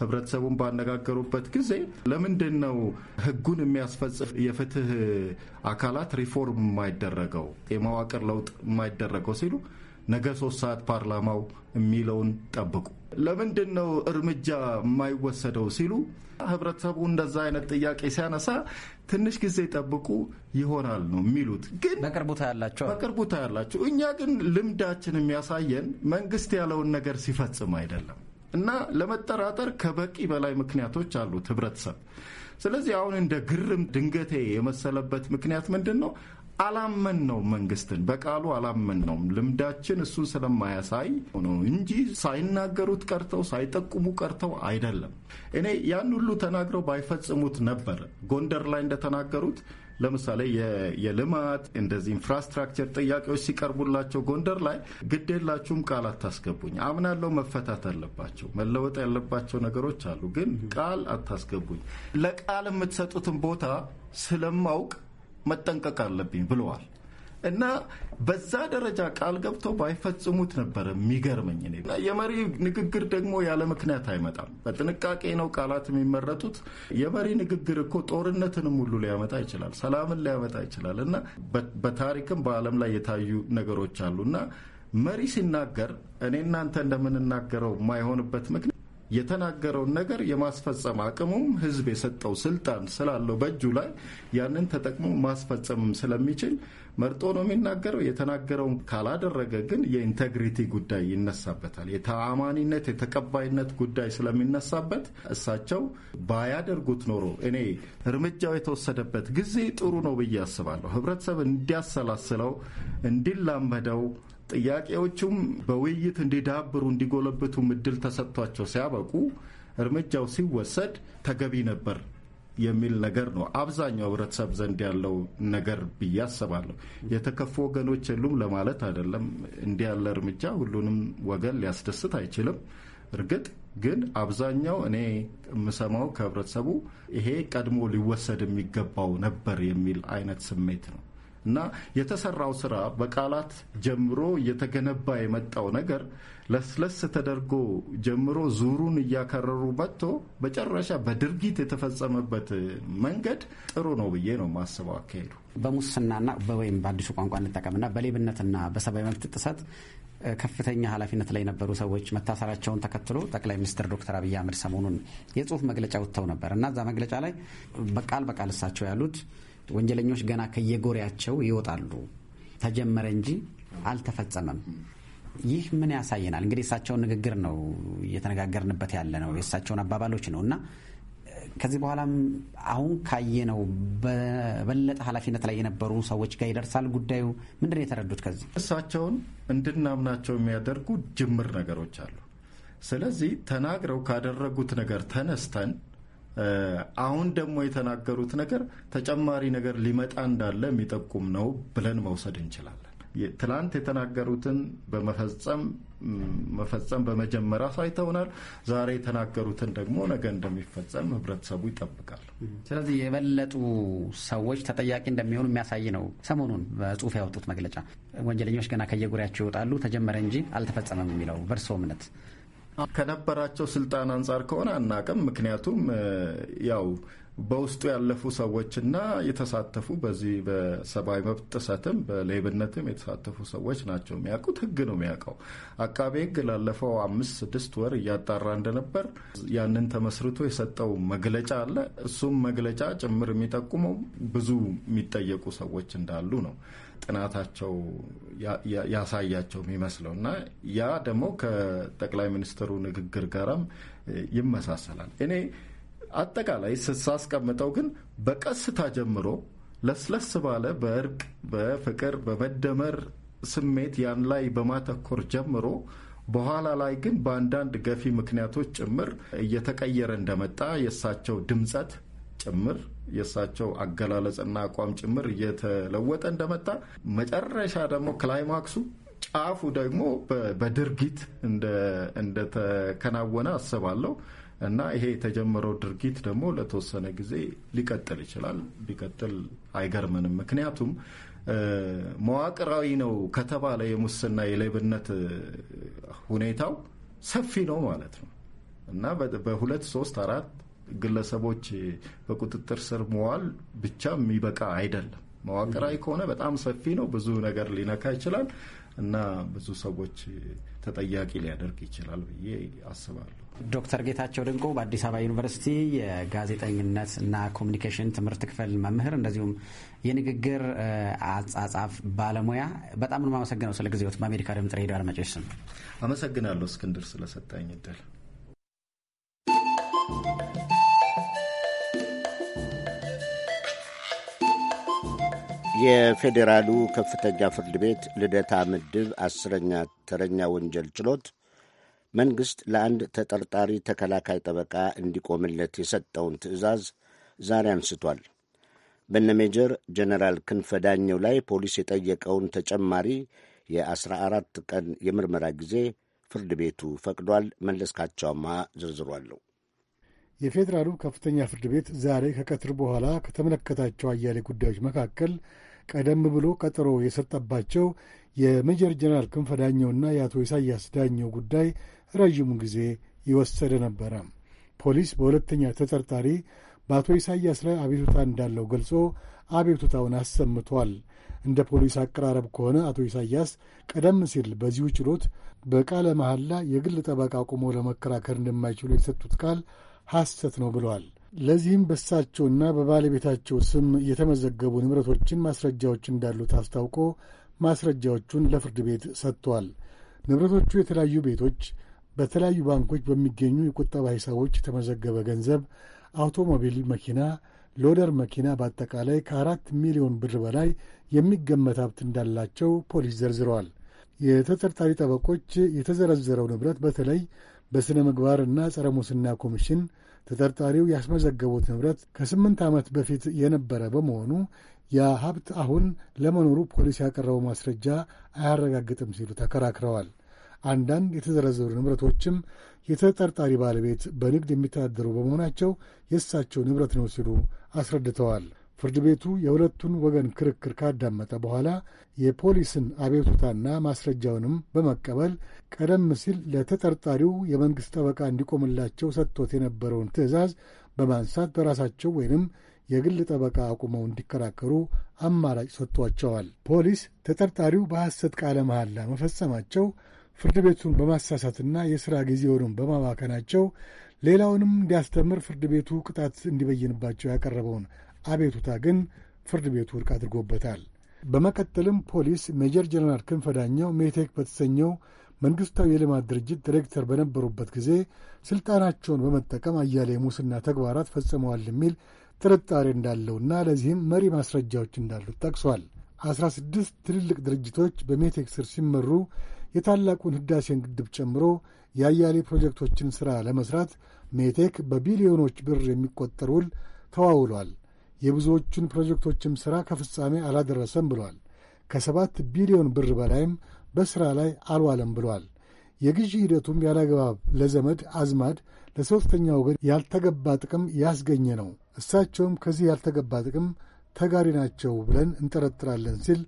ህብረተሰቡን ባነጋገሩበት ጊዜ ለምንድን ነው ህጉን የሚያስፈጽፍ የፍትህ አካላት ሪፎርም የማይደረገው የመዋቅር ለውጥ የማይደረገው ሲሉ ነገ ሶስት ሰዓት ፓርላማው የሚለውን ጠብቁ ለምንድን ነው እርምጃ የማይወሰደው ሲሉ ህብረተሰቡ እንደዛ አይነት ጥያቄ ሲያነሳ ትንሽ ጊዜ ጠብቁ ይሆናል ነው የሚሉት። ግን በቅርቡ ያላቸው በቅርቡ ታያላቸው። እኛ ግን ልምዳችን የሚያሳየን መንግስት ያለውን ነገር ሲፈጽም አይደለም እና ለመጠራጠር ከበቂ በላይ ምክንያቶች አሉት ህብረተሰብ። ስለዚህ አሁን እንደ ግርም ድንገቴ የመሰለበት ምክንያት ምንድን ነው? አላመን ነው መንግስትን በቃሉ አላመን ነው ልምዳችን እሱን ስለማያሳይ ነው እንጂ ሳይናገሩት ቀርተው ሳይጠቁሙ ቀርተው አይደለም። እኔ ያን ሁሉ ተናግረው ባይፈጽሙት ነበር ጎንደር ላይ እንደተናገሩት ለምሳሌ የልማት እንደዚህ ኢንፍራስትራክቸር ጥያቄዎች ሲቀርቡላቸው ጎንደር ላይ ግዴላችሁም ቃል አታስገቡኝ፣ አምናለው መፈታት አለባቸው መለወጥ ያለባቸው ነገሮች አሉ፣ ግን ቃል አታስገቡኝ። ለቃል የምትሰጡትን ቦታ ስለማውቅ መጠንቀቅ አለብኝ ብለዋል። እና በዛ ደረጃ ቃል ገብተው ባይፈጽሙት ነበር የሚገርመኝ። የመሪ ንግግር ደግሞ ያለ ምክንያት አይመጣም። በጥንቃቄ ነው ቃላት የሚመረጡት። የመሪ ንግግር እኮ ጦርነትንም ሁሉ ሊያመጣ ይችላል፣ ሰላምን ሊያመጣ ይችላል። እና በታሪክም በዓለም ላይ የታዩ ነገሮች አሉ እና መሪ ሲናገር እኔ እናንተ እንደምንናገረው የማይሆንበት ምክንያት የተናገረውን ነገር የማስፈጸም አቅሙም ህዝብ የሰጠው ስልጣን ስላለው በእጁ ላይ ያንን ተጠቅሞ ማስፈጸምም ስለሚችል መርጦ ነው የሚናገረው። የተናገረውን ካላደረገ ግን የኢንቴግሪቲ ጉዳይ ይነሳበታል። የተአማኒነት የተቀባይነት ጉዳይ ስለሚነሳበት እሳቸው ባያደርጉት ኖሮ እኔ እርምጃው የተወሰደበት ጊዜ ጥሩ ነው ብዬ አስባለሁ። ህብረተሰብ እንዲያሰላስለው እንዲላመደው ጥያቄዎቹም በውይይት እንዲዳብሩ እንዲጎለብቱ ምድል ተሰጥቷቸው ሲያበቁ እርምጃው ሲወሰድ ተገቢ ነበር የሚል ነገር ነው አብዛኛው ህብረተሰብ ዘንድ ያለው ነገር ብዬ አስባለሁ። የተከፉ ወገኖች የሉም ለማለት አይደለም። እንዲህ ያለ እርምጃ ሁሉንም ወገን ሊያስደስት አይችልም። እርግጥ ግን አብዛኛው እኔ የምሰማው ከህብረተሰቡ ይሄ ቀድሞ ሊወሰድ የሚገባው ነበር የሚል አይነት ስሜት ነው። እና የተሰራው ስራ በቃላት ጀምሮ እየተገነባ የመጣው ነገር ለስለስ ተደርጎ ጀምሮ ዙሩን እያከረሩ መጥቶ መጨረሻ በድርጊት የተፈጸመበት መንገድ ጥሩ ነው ብዬ ነው ማስበው አካሄዱ። በሙስናና ወይም በአዲሱ ቋንቋ እንጠቀምና በሌብነትና በሰብአዊ መብት ጥሰት ከፍተኛ ኃላፊነት ላይ የነበሩ ሰዎች መታሰራቸውን ተከትሎ ጠቅላይ ሚኒስትር ዶክተር አብይ አህመድ ሰሞኑን የጽሁፍ መግለጫ ወጥተው ነበር እና እዛ መግለጫ ላይ በቃል በቃል እሳቸው ያሉት ወንጀለኞች ገና ከየጎሪያቸው ይወጣሉ። ተጀመረ እንጂ አልተፈጸመም። ይህ ምን ያሳየናል? እንግዲህ የእሳቸውን ንግግር ነው እየተነጋገርንበት ያለ ነው፣ የእሳቸውን አባባሎች ነው እና ከዚህ በኋላም አሁን ካየ ነው በበለጠ ኃላፊነት ላይ የነበሩ ሰዎች ጋር ይደርሳል ጉዳዩ። ምንድን ነው የተረዱት? ከዚህ እሳቸውን እንድናምናቸው የሚያደርጉ ጅምር ነገሮች አሉ። ስለዚህ ተናግረው ካደረጉት ነገር ተነስተን አሁን ደግሞ የተናገሩት ነገር ተጨማሪ ነገር ሊመጣ እንዳለ የሚጠቁም ነው ብለን መውሰድ እንችላለን። ትላንት የተናገሩትን በመፈጸም መፈጸም በመጀመሪያ ሳይተውናል። ዛሬ የተናገሩትን ደግሞ ነገ እንደሚፈጸም ህብረተሰቡ ይጠብቃል። ስለዚህ የበለጡ ሰዎች ተጠያቂ እንደሚሆኑ የሚያሳይ ነው። ሰሞኑን በጽሁፍ ያወጡት መግለጫ ወንጀለኞች ገና ከየጉሪያቸው ይወጣሉ፣ ተጀመረ እንጂ አልተፈጸመም የሚለው በእርስዎ እምነት ከነበራቸው ስልጣን አንጻር ከሆነ አናቅም። ምክንያቱም ያው በውስጡ ያለፉ ሰዎችና የተሳተፉ በዚህ በሰብአዊ መብት ጥሰትም በሌብነትም የተሳተፉ ሰዎች ናቸው የሚያውቁት። ህግ ነው የሚያውቀው። አቃቤ ህግ ላለፈው አምስት ስድስት ወር እያጣራ እንደነበር ያንን ተመስርቶ የሰጠው መግለጫ አለ። እሱም መግለጫ ጭምር የሚጠቁመው ብዙ የሚጠየቁ ሰዎች እንዳሉ ነው። ጥናታቸው ያሳያቸው የሚመስለው እና ያ ደግሞ ከጠቅላይ ሚኒስትሩ ንግግር ጋራም ይመሳሰላል። እኔ አጠቃላይ ሳስቀምጠው ግን በቀስታ ጀምሮ ለስለስ ባለ በእርቅ፣ በፍቅር፣ በመደመር ስሜት ያን ላይ በማተኮር ጀምሮ በኋላ ላይ ግን በአንዳንድ ገፊ ምክንያቶች ጭምር እየተቀየረ እንደመጣ የእሳቸው ድምፀት ጭምር የእሳቸው አገላለጽና አቋም ጭምር እየተለወጠ እንደመጣ መጨረሻ ደግሞ ክላይማክሱ ጫፉ ደግሞ በድርጊት እንደተከናወነ አስባለሁ እና ይሄ የተጀመረው ድርጊት ደግሞ ለተወሰነ ጊዜ ሊቀጥል ይችላል። ቢቀጥል አይገርምንም። ምክንያቱም መዋቅራዊ ነው ከተባለ የሙስና የሌብነት ሁኔታው ሰፊ ነው ማለት ነው እና በሁለት ሶስት አራት ግለሰቦች በቁጥጥር ስር መዋል ብቻ የሚበቃ አይደለም። መዋቅራዊ ከሆነ በጣም ሰፊ ነው። ብዙ ነገር ሊነካ ይችላል እና ብዙ ሰዎች ተጠያቂ ሊያደርግ ይችላል ብዬ አስባለሁ። ዶክተር ጌታቸው ድንቁ በአዲስ አበባ ዩኒቨርሲቲ የጋዜጠኝነት እና ኮሚኒኬሽን ትምህርት ክፍል መምህር እንደዚሁም የንግግር አጻጻፍ ባለሙያ በጣም ነው የማመሰግነው ስለ ጊዜዎት። በአሜሪካ ድምጽ ሬዲዮ አድማጮች ስም አመሰግናለሁ እስክንድር ስለሰጠኝ እድል። የፌዴራሉ ከፍተኛ ፍርድ ቤት ልደታ ምድብ አስረኛ ተረኛ ወንጀል ችሎት መንግሥት ለአንድ ተጠርጣሪ ተከላካይ ጠበቃ እንዲቆምለት የሰጠውን ትዕዛዝ ዛሬ አንስቷል። በነ ሜጀር ጀነራል ክንፈ ዳኘው ላይ ፖሊስ የጠየቀውን ተጨማሪ የ14 ቀን የምርመራ ጊዜ ፍርድ ቤቱ ፈቅዷል። መለስካቸው አማሃ ዝርዝሯለሁ። የፌዴራሉ ከፍተኛ ፍርድ ቤት ዛሬ ከቀትር በኋላ ከተመለከታቸው አያሌ ጉዳዮች መካከል ቀደም ብሎ ቀጠሮ የሰጠባቸው የሜጀር ጀነራል ክንፈ ዳኘውና የአቶ ኢሳያስ ዳኘው ጉዳይ ረዥሙን ጊዜ ይወሰደ ነበረ። ፖሊስ በሁለተኛ ተጠርጣሪ በአቶ ኢሳያስ ላይ አቤቱታ እንዳለው ገልጾ አቤቱታውን አሰምቷል። እንደ ፖሊስ አቀራረብ ከሆነ አቶ ኢሳያስ ቀደም ሲል በዚሁ ችሎት በቃለ መሐላ የግል ጠበቃ አቁሞ ለመከራከር እንደማይችሉ የሰጡት ቃል ሐሰት ነው ብለዋል። ለዚህም በሳቸውና በባለቤታቸው ስም የተመዘገቡ ንብረቶችን ማስረጃዎች እንዳሉት አስታውቆ ማስረጃዎቹን ለፍርድ ቤት ሰጥቷል። ንብረቶቹ የተለያዩ ቤቶች፣ በተለያዩ ባንኮች በሚገኙ የቁጠባ ሂሳቦች የተመዘገበ ገንዘብ፣ አውቶሞቢል፣ መኪና፣ ሎደር መኪና፣ በአጠቃላይ ከአራት ሚሊዮን ብር በላይ የሚገመት ሀብት እንዳላቸው ፖሊስ ዘርዝረዋል። የተጠርጣሪ ጠበቆች የተዘረዘረው ንብረት በተለይ በሥነ ምግባርና ጸረ ሙስና ኮሚሽን ተጠርጣሪው ያስመዘገቡት ንብረት ከስምንት ዓመት በፊት የነበረ በመሆኑ ያ ሀብት አሁን ለመኖሩ ፖሊስ ያቀረበው ማስረጃ አያረጋግጥም ሲሉ ተከራክረዋል። አንዳንድ የተዘረዘሩ ንብረቶችም የተጠርጣሪ ባለቤት በንግድ የሚተዳደሩ በመሆናቸው የእሳቸው ንብረት ነው ሲሉ አስረድተዋል። ፍርድ ቤቱ የሁለቱን ወገን ክርክር ካዳመጠ በኋላ የፖሊስን አቤቱታና ማስረጃውንም በመቀበል ቀደም ሲል ለተጠርጣሪው የመንግሥት ጠበቃ እንዲቆምላቸው ሰጥቶት የነበረውን ትዕዛዝ በማንሳት በራሳቸው ወይንም የግል ጠበቃ አቁመው እንዲከራከሩ አማራጭ ሰጥቷቸዋል። ፖሊስ ተጠርጣሪው በሐሰት ቃለ መሐላ መፈጸማቸው ፍርድ ቤቱን በማሳሳትና የሥራ ጊዜውንም በማባከናቸው ሌላውንም እንዲያስተምር ፍርድ ቤቱ ቅጣት እንዲበይንባቸው ያቀረበውን አቤቱታ ግን ፍርድ ቤቱ ውድቅ አድርጎበታል። በመቀጠልም ፖሊስ ሜጀር ጀነራል ክንፈ ዳኘው ሜቴክ በተሰኘው መንግሥታዊ የልማት ድርጅት ዲሬክተር በነበሩበት ጊዜ ሥልጣናቸውን በመጠቀም አያሌ የሙስና ተግባራት ፈጽመዋል የሚል ጥርጣሬ እንዳለውና ለዚህም መሪ ማስረጃዎች እንዳሉት ጠቅሷል። አስራ ስድስት ትልልቅ ድርጅቶች በሜቴክ ስር ሲመሩ የታላቁን ሕዳሴን ግድብ ጨምሮ የአያሌ ፕሮጀክቶችን ሥራ ለመሥራት ሜቴክ በቢሊዮኖች ብር የሚቆጠር ውል ተዋውሏል። የብዙዎቹን ፕሮጀክቶችም ሥራ ከፍጻሜ አላደረሰም ብሏል። ከሰባት ቢሊዮን ብር በላይም በሥራ ላይ አልዋለም ብሏል። የግዢ ሂደቱም ያላግባብ ለዘመድ አዝማድ፣ ለሦስተኛ ወገን ያልተገባ ጥቅም ያስገኘ ነው። እሳቸውም ከዚህ ያልተገባ ጥቅም ተጋሪ ናቸው ብለን እንጠረጥራለን ሲል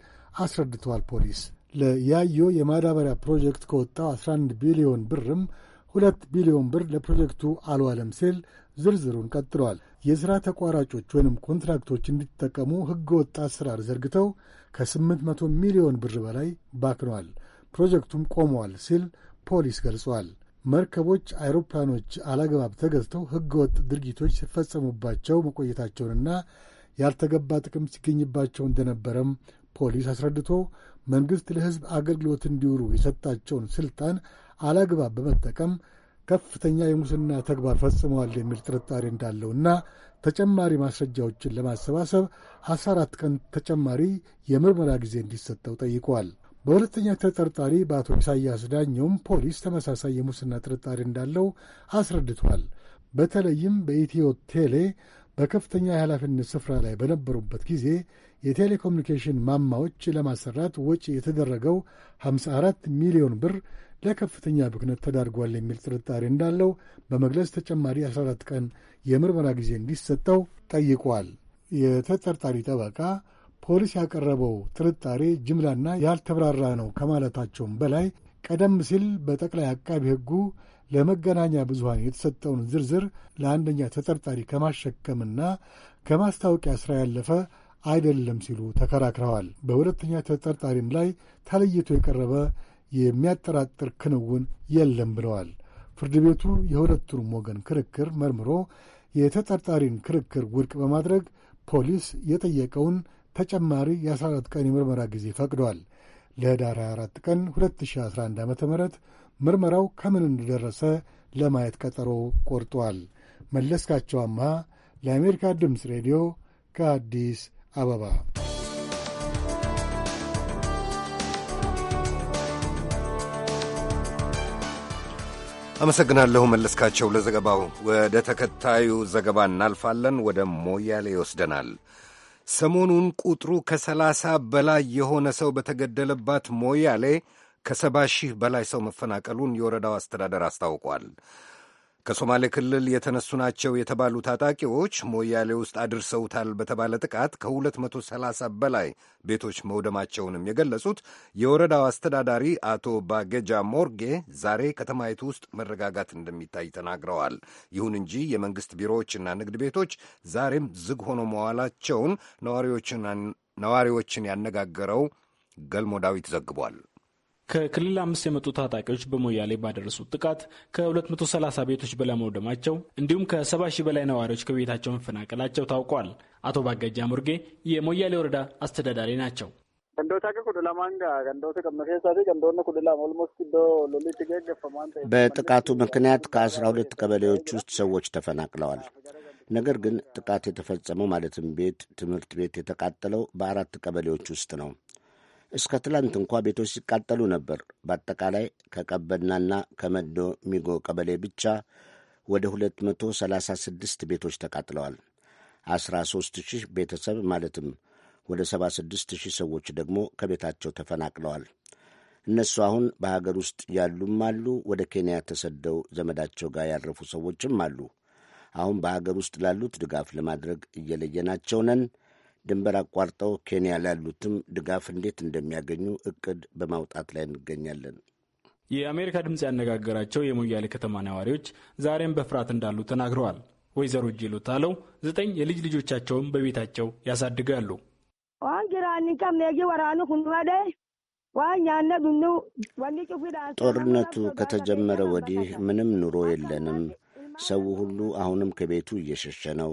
አስረድተዋል። ፖሊስ ለያዮ የማዳበሪያ ፕሮጀክት ከወጣው 11 ቢሊዮን ብርም ሁለት ቢሊዮን ብር ለፕሮጀክቱ አልዋለም ሲል ዝርዝሩን ቀጥሏል። የሥራ ተቋራጮች ወይም ኮንትራክቶች እንዲጠቀሙ ሕገወጥ አሰራር ዘርግተው ከ800 ሚሊዮን ብር በላይ ባክኗል። ፕሮጀክቱም ቆመዋል ሲል ፖሊስ ገልጿል። መርከቦች፣ አይሮፕላኖች አላግባብ ተገዝተው ወጥ ድርጊቶች ሲፈጸሙባቸው መቆየታቸውንና ያልተገባ ጥቅም ሲገኝባቸው እንደነበረም ፖሊስ አስረድቶ መንግሥት ለሕዝብ አገልግሎት እንዲውሉ የሰጣቸውን ሥልጣን አላግባብ በመጠቀም ከፍተኛ የሙስና ተግባር ፈጽመዋል የሚል ጥርጣሬ እንዳለው እና ተጨማሪ ማስረጃዎችን ለማሰባሰብ 14 ቀን ተጨማሪ የምርመራ ጊዜ እንዲሰጠው ጠይቋል። በሁለተኛ ተጠርጣሪ በአቶ ኢሳያስ ዳኘውም ፖሊስ ተመሳሳይ የሙስና ጥርጣሬ እንዳለው አስረድቷል። በተለይም በኢትዮ ቴሌ በከፍተኛ የኃላፊነት ስፍራ ላይ በነበሩበት ጊዜ የቴሌኮሙኒኬሽን ማማዎች ለማሰራት ወጪ የተደረገው 54 ሚሊዮን ብር ለከፍተኛ ብክነት ተዳርጓል የሚል ጥርጣሬ እንዳለው በመግለጽ ተጨማሪ 14 ቀን የምርመራ ጊዜ እንዲሰጠው ጠይቋል። የተጠርጣሪ ጠበቃ ፖሊስ ያቀረበው ጥርጣሬ ጅምላና ያልተብራራ ነው ከማለታቸውም በላይ ቀደም ሲል በጠቅላይ አቃቢ ሕጉ ለመገናኛ ብዙሃን የተሰጠውን ዝርዝር ለአንደኛ ተጠርጣሪ ከማሸከምና ከማስታወቂያ ሥራ ያለፈ አይደለም ሲሉ ተከራክረዋል። በሁለተኛ ተጠርጣሪም ላይ ተለይቶ የቀረበ የሚያጠራጥር ክንውን የለም ብለዋል። ፍርድ ቤቱ የሁለቱንም ወገን ክርክር መርምሮ የተጠርጣሪን ክርክር ውድቅ በማድረግ ፖሊስ የጠየቀውን ተጨማሪ የ14 ቀን የምርመራ ጊዜ ፈቅዷል። ለኅዳር 24 ቀን 2011 ዓ ም ምርመራው ከምን እንደደረሰ ለማየት ቀጠሮ ቆርጧል። መለስካቸው አምሃ ለአሜሪካ ድምፅ ሬዲዮ ከአዲስ አበባ አመሰግናለሁ መለስካቸው ለዘገባው። ወደ ተከታዩ ዘገባ እናልፋለን። ወደ ሞያሌ ይወስደናል። ሰሞኑን ቁጥሩ ከሰላሳ በላይ የሆነ ሰው በተገደለባት ሞያሌ ከሰባ ሺህ በላይ ሰው መፈናቀሉን የወረዳው አስተዳደር አስታውቋል። ከሶማሌ ክልል የተነሱ ናቸው የተባሉ ታጣቂዎች ሞያሌ ውስጥ አድርሰውታል በተባለ ጥቃት ከ230 በላይ ቤቶች መውደማቸውንም የገለጹት የወረዳው አስተዳዳሪ አቶ ባጌጃ ሞርጌ ዛሬ ከተማይቱ ውስጥ መረጋጋት እንደሚታይ ተናግረዋል። ይሁን እንጂ የመንግሥት ቢሮዎችና ንግድ ቤቶች ዛሬም ዝግ ሆኖ መዋላቸውን ነዋሪዎችን ያነጋገረው ገልሞ ዳዊት ዘግቧል። ከክልል አምስት የመጡ ታጣቂዎች በሞያሌ ባደረሱት ጥቃት ከ230 ቤቶች በላይ መውደማቸው እንዲሁም ከ70 ሺህ በላይ ነዋሪዎች ከቤታቸው መፈናቀላቸው ታውቋል። አቶ ባጋጃ ሙርጌ የሞያሌ ወረዳ አስተዳዳሪ ናቸው። በጥቃቱ ምክንያት ከ12 ቀበሌዎች ውስጥ ሰዎች ተፈናቅለዋል። ነገር ግን ጥቃት የተፈጸመው ማለትም ቤት፣ ትምህርት ቤት የተቃጠለው በአራት ቀበሌዎች ውስጥ ነው። እስከ ትላንት እንኳ ቤቶች ሲቃጠሉ ነበር። በአጠቃላይ ከቀበናና ከመዶ ሚጎ ቀበሌ ብቻ ወደ 236 ቤቶች ተቃጥለዋል። 13 ሺህ ቤተሰብ ማለትም ወደ 76 ሺህ ሰዎች ደግሞ ከቤታቸው ተፈናቅለዋል። እነሱ አሁን በሀገር ውስጥ ያሉም አሉ፣ ወደ ኬንያ ተሰደው ዘመዳቸው ጋር ያረፉ ሰዎችም አሉ። አሁን በሀገር ውስጥ ላሉት ድጋፍ ለማድረግ እየለየናቸው ነን። ድንበር አቋርጠው ኬንያ ላሉትም ድጋፍ እንዴት እንደሚያገኙ እቅድ በማውጣት ላይ እንገኛለን። የአሜሪካ ድምፅ ያነጋገራቸው የሞያሌ ከተማ ነዋሪዎች ዛሬም በፍርሃት እንዳሉ ተናግረዋል። ወይዘሮ ጅሉ ታለው ዘጠኝ የልጅ ልጆቻቸውን በቤታቸው ያሳድጋሉ። ጦርነቱ ከተጀመረ ወዲህ ምንም ኑሮ የለንም። ሰው ሁሉ አሁንም ከቤቱ እየሸሸ ነው።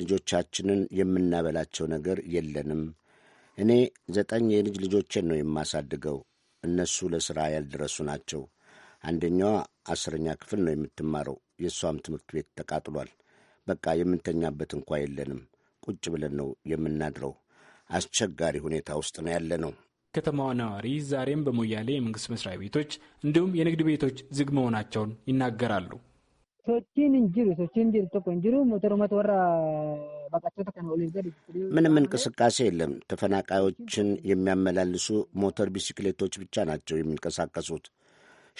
ልጆቻችንን የምናበላቸው ነገር የለንም። እኔ ዘጠኝ የልጅ ልጆቼን ነው የማሳድገው። እነሱ ለሥራ ያልደረሱ ናቸው። አንደኛዋ አስረኛ ክፍል ነው የምትማረው። የእሷም ትምህርት ቤት ተቃጥሏል። በቃ የምንተኛበት እንኳ የለንም። ቁጭ ብለን ነው የምናድረው። አስቸጋሪ ሁኔታ ውስጥ ነው ያለ ነው። ከተማዋ ነዋሪ ዛሬም በሞያሌ የመንግሥት መስሪያ ቤቶች እንዲሁም የንግድ ቤቶች ዝግ መሆናቸውን ይናገራሉ። sochiin እንጅሩ jiru እንጅሩ ቶኮ እንጅሩ ሞተሮ jiru motorumatu warra baqattoota ምንም እንቅስቃሴ የለም። ተፈናቃዮችን የሚያመላልሱ ሞተር ቢስክሌቶች ብቻ ናቸው የሚንቀሳቀሱት።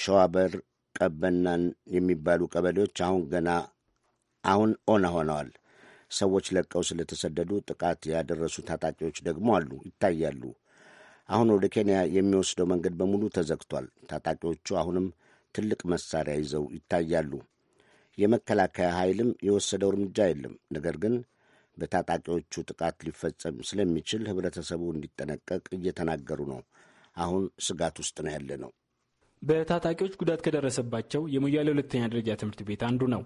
ሸዋበር ቀበናን የሚባሉ ቀበሌዎች አሁን ገና አሁን ኦና ሆነዋል። ሰዎች ለቀው ስለተሰደዱ ጥቃት ያደረሱ ታጣቂዎች ደግሞ አሉ ይታያሉ። አሁን ወደ ኬንያ የሚወስደው መንገድ በሙሉ ተዘግቷል። ታጣቂዎቹ አሁንም ትልቅ መሳሪያ ይዘው ይታያሉ። የመከላከያ ኃይልም የወሰደው እርምጃ የለም። ነገር ግን በታጣቂዎቹ ጥቃት ሊፈጸም ስለሚችል ህብረተሰቡ እንዲጠነቀቅ እየተናገሩ ነው። አሁን ስጋት ውስጥ ነው ያለ ነው። በታጣቂዎች ጉዳት ከደረሰባቸው የሙያሌ ሁለተኛ ደረጃ ትምህርት ቤት አንዱ ነው።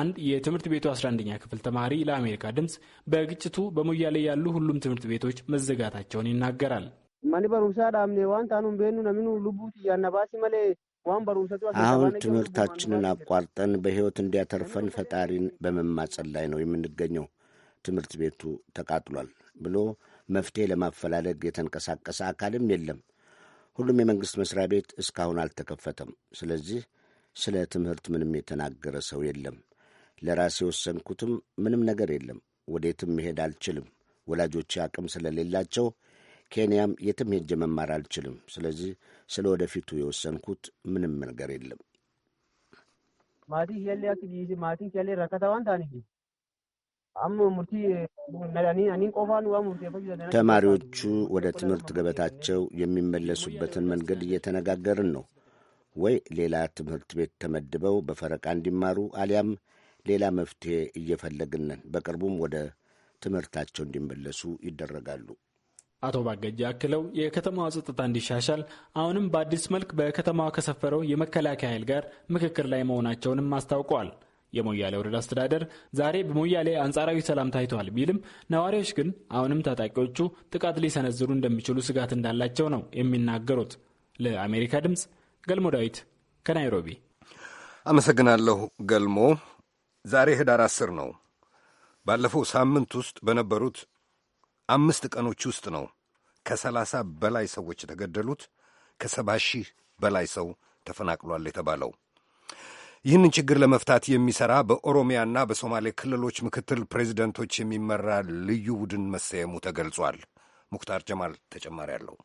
አንድ የትምህርት ቤቱ 11ኛ ክፍል ተማሪ ለአሜሪካ ድምፅ በግጭቱ በሙያሌ ያሉ ሁሉም ትምህርት ቤቶች መዘጋታቸውን ይናገራል። ማኒ በሩምሳ ዳምኔ ዋንታኑን ቤኑ ነሚኑ ልቡት እያነባሲ መሌ አሁን ትምህርታችንን አቋርጠን በሕይወት እንዲያተርፈን ፈጣሪን በመማጸን ላይ ነው የምንገኘው። ትምህርት ቤቱ ተቃጥሏል ብሎ መፍትሄ ለማፈላለግ የተንቀሳቀሰ አካልም የለም። ሁሉም የመንግሥት መሥሪያ ቤት እስካሁን አልተከፈተም። ስለዚህ ስለ ትምህርት ምንም የተናገረ ሰው የለም። ለራሴ የወሰንኩትም ምንም ነገር የለም። ወዴትም መሄድ አልችልም። ወላጆቼ አቅም ስለሌላቸው ኬንያም የትም ሄጄ መማር አልችልም። ስለዚህ ስለ ወደፊቱ የወሰንኩት ምንም ነገር የለም። ተማሪዎቹ ወደ ትምህርት ገበታቸው የሚመለሱበትን መንገድ እየተነጋገርን ነው። ወይ ሌላ ትምህርት ቤት ተመድበው በፈረቃ እንዲማሩ አሊያም ሌላ መፍትሄ እየፈለግን ነን። በቅርቡም ወደ ትምህርታቸው እንዲመለሱ ይደረጋሉ። አቶ ባገጃ አክለው የከተማዋ ጸጥታ እንዲሻሻል አሁንም በአዲስ መልክ በከተማዋ ከሰፈረው የመከላከያ ኃይል ጋር ምክክር ላይ መሆናቸውንም አስታውቀዋል። የሞያሌ ወረዳ አስተዳደር ዛሬ በሞያሌ አንጻራዊ ሰላም ታይተዋል ቢልም ነዋሪዎች ግን አሁንም ታጣቂዎቹ ጥቃት ሊሰነዝሩ እንደሚችሉ ስጋት እንዳላቸው ነው የሚናገሩት። ለአሜሪካ ድምፅ ገልሞ ዳዊት ከናይሮቢ አመሰግናለሁ። ገልሞ ዛሬ ህዳር አስር ነው። ባለፈው ሳምንት ውስጥ በነበሩት አምስት ቀኖች ውስጥ ነው ከሰላሳ በላይ ሰዎች የተገደሉት ከሰባ ሺህ በላይ ሰው ተፈናቅሏል የተባለው ይህንን ችግር ለመፍታት የሚሠራ በኦሮሚያና በሶማሌ ክልሎች ምክትል ፕሬዚደንቶች የሚመራ ልዩ ቡድን መሰየሙ ተገልጿል። ሙክታር ጀማል ተጨማሪ አለው።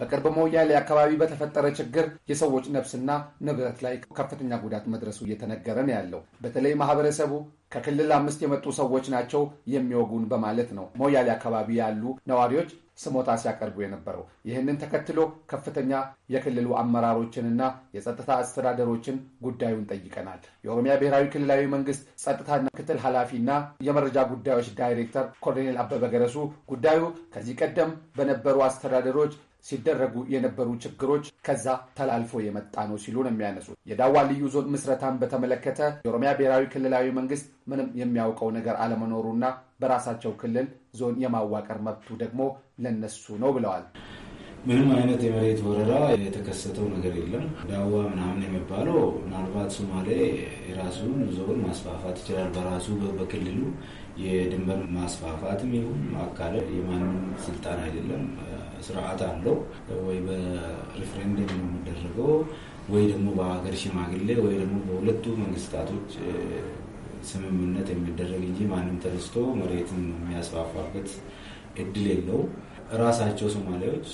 በቅርብ ሞያሌ አካባቢ በተፈጠረ ችግር የሰዎች ነፍስና ንብረት ላይ ከፍተኛ ጉዳት መድረሱ እየተነገረ ነው ያለው። በተለይ ማህበረሰቡ ከክልል አምስት የመጡ ሰዎች ናቸው የሚወጉን በማለት ነው ሞያሌ አካባቢ ያሉ ነዋሪዎች ስሞታ ሲያቀርቡ የነበረው። ይህንን ተከትሎ ከፍተኛ የክልሉ አመራሮችንና የጸጥታ አስተዳደሮችን ጉዳዩን ጠይቀናል። የኦሮሚያ ብሔራዊ ክልላዊ መንግስት ጸጥታና ምክትል ኃላፊና የመረጃ ጉዳዮች ዳይሬክተር ኮሎኔል አበበ ገረሱ ጉዳዩ ከዚህ ቀደም በነበሩ አስተዳደሮች ሲደረጉ የነበሩ ችግሮች ከዛ ተላልፎ የመጣ ነው ሲሉ ነው የሚያነሱት። የዳዋ ልዩ ዞን ምስረታን በተመለከተ የኦሮሚያ ብሔራዊ ክልላዊ መንግስት ምንም የሚያውቀው ነገር አለመኖሩና በራሳቸው ክልል ዞን የማዋቀር መብቱ ደግሞ ለነሱ ነው ብለዋል። ምንም አይነት የመሬት ወረራ የተከሰተው ነገር የለም። ዳዋ ምናምን የሚባለው ምናልባት ሶማሌ የራሱን ዞን ማስፋፋት ይችላል። በራሱ በክልሉ የድንበር ማስፋፋትም ይሁን ማካለል የማንም ስልጣን አይደለም። ስርዓት አለው ወይ በሪፍሬንደም ነው የሚደረገው ወይ ደግሞ በሀገር ሽማግሌ ወይ ደግሞ በሁለቱ መንግስታቶች ስምምነት የሚደረግ እንጂ ማንም ተነስቶ መሬትን የሚያስፋፋበት እድል የለው ራሳቸው ሶማሌዎች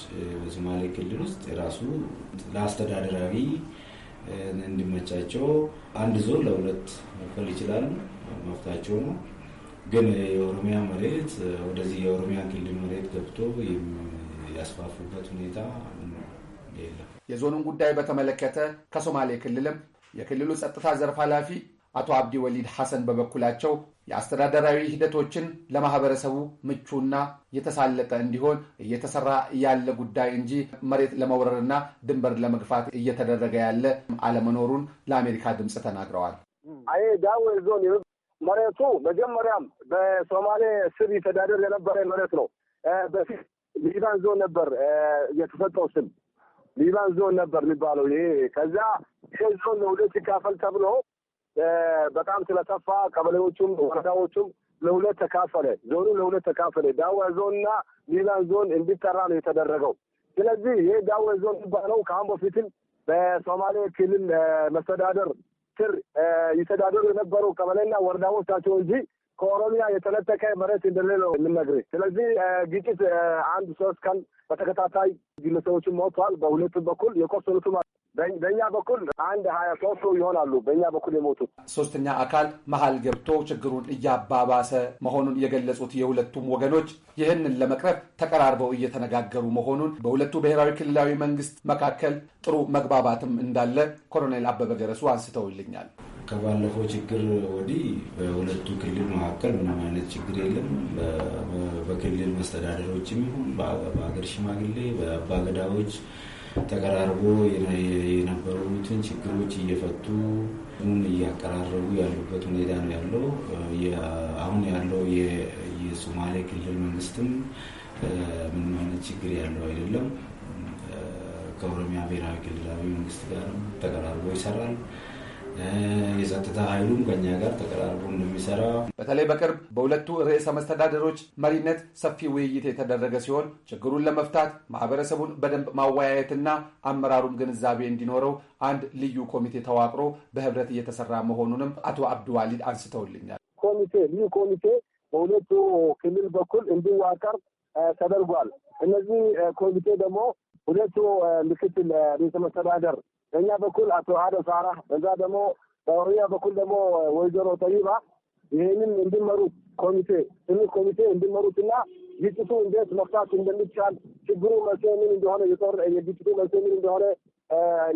በሶማሌ ክልል ውስጥ የራሱ ለአስተዳደራዊ እንዲመቻቸው አንድ ዞን ለሁለት መክፈል ይችላሉ። መፍታቸው ነው። ግን የኦሮሚያ መሬት ወደዚህ የኦሮሚያ ክልል መሬት ገብቶ ያስፋፉበት ሁኔታ የለም። የዞኑን ጉዳይ በተመለከተ ከሶማሌ ክልልም የክልሉ ጸጥታ ዘርፍ ኃላፊ አቶ አብዲ ወሊድ ሐሰን በበኩላቸው የአስተዳደራዊ ሂደቶችን ለማህበረሰቡ ምቹና የተሳለጠ እንዲሆን እየተሰራ ያለ ጉዳይ እንጂ መሬት ለመውረርና ድንበር ለመግፋት እየተደረገ ያለ አለመኖሩን ለአሜሪካ ድምፅ ተናግረዋል። አይ ዳዌ ዞን መሬቱ መጀመሪያም በሶማሌ ስር ይተዳደር የነበረ መሬት ነው። በፊት ሊባን ዞን ነበር የተሰጠው ስም ሊባን ዞን ነበር የሚባለው። ይሄ ከዛ ይሄ ዞን ለሁለት ይካፈል ተብሎ በጣም ስለከፋ ቀበሌዎቹም ወረዳዎቹም ለሁለት ተካፈለ። ዞኑ ለሁለት ተካፈለ። ዳዋ ዞን ዞንና ሚዛን ዞን እንዲጠራ ነው የተደረገው። ስለዚህ ይሄ ዳዋ ዞን የሚባለው ከአሁን በፊትም በሶማሌ ክልል መስተዳደር ስር ይተዳደሩ የነበሩ ቀበሌና ወረዳዎች ናቸው እንጂ ከኦሮሚያ የተነጠቀ መሬት እንደሌለ የምነግር። ስለዚህ ግጭት አንድ ሶስት ቀን በተከታታይ ግለሰቦችን ሞቷል። በሁለቱም በኩል የቆሰሉትም በእኛ በኩል አንድ ሀያ ሶስት ሰው ይሆናሉ። በእኛ በኩል የሞቱት ሶስተኛ አካል መሀል ገብቶ ችግሩን እያባባሰ መሆኑን የገለጹት የሁለቱም ወገኖች ይህንን ለመቅረፍ ተቀራርበው እየተነጋገሩ መሆኑን፣ በሁለቱ ብሔራዊ ክልላዊ መንግስት መካከል ጥሩ መግባባትም እንዳለ ኮሎኔል አበበ ገረሱ አንስተውልኛል። ከባለፈው ችግር ወዲህ በሁለቱ ክልል መካከል ምንም አይነት ችግር የለም። በክልል መስተዳደሮችም ይሁን በሀገር ሽማግሌ በአባገዳዎች ተቀራርቦ የነበሩትን ችግሮች እየፈቱ እያቀራረቡ ያሉበት ሁኔታ ነው ያለው። አሁን ያለው የሶማሌ ክልል መንግስትም ምንም አይነት ችግር ያለው አይደለም። ከኦሮሚያ ብሔራዊ ክልላዊ መንግስት ጋር ተቀራርቦ ይሰራል። የጸጥታ ኃይሉም ከኛ ጋር ተቀራርቦ እንደሚሰራ በተለይ በቅርብ በሁለቱ ርዕሰ መስተዳደሮች መሪነት ሰፊ ውይይት የተደረገ ሲሆን ችግሩን ለመፍታት ማህበረሰቡን በደንብ ማወያየትና አመራሩም ግንዛቤ እንዲኖረው አንድ ልዩ ኮሚቴ ተዋቅሮ በህብረት እየተሰራ መሆኑንም አቶ አብዱዋሊድ ዋሊድ አንስተውልኛል። ኮሚቴ ልዩ ኮሚቴ በሁለቱ ክልል በኩል እንዲዋቀር ተደርጓል። እነዚህ ኮሚቴ ደግሞ ሁለቱ ምክትል ርዕሰ መስተዳደር በእኛ በኩል አቶ አደ ሳራ በዛ ደግሞ በኦሮሚያ በኩል ደግሞ ወይዘሮ ጠይባ ይህንን እንዲመሩት ኮሚቴ ትንሽ ኮሚቴ እንዲመሩትና ግጭቱ እንዴት መፍታት እንደሚቻል ችግሩ መቼ ምን እንደሆነ የጦር የግጭቱ መቼ ምን እንደሆነ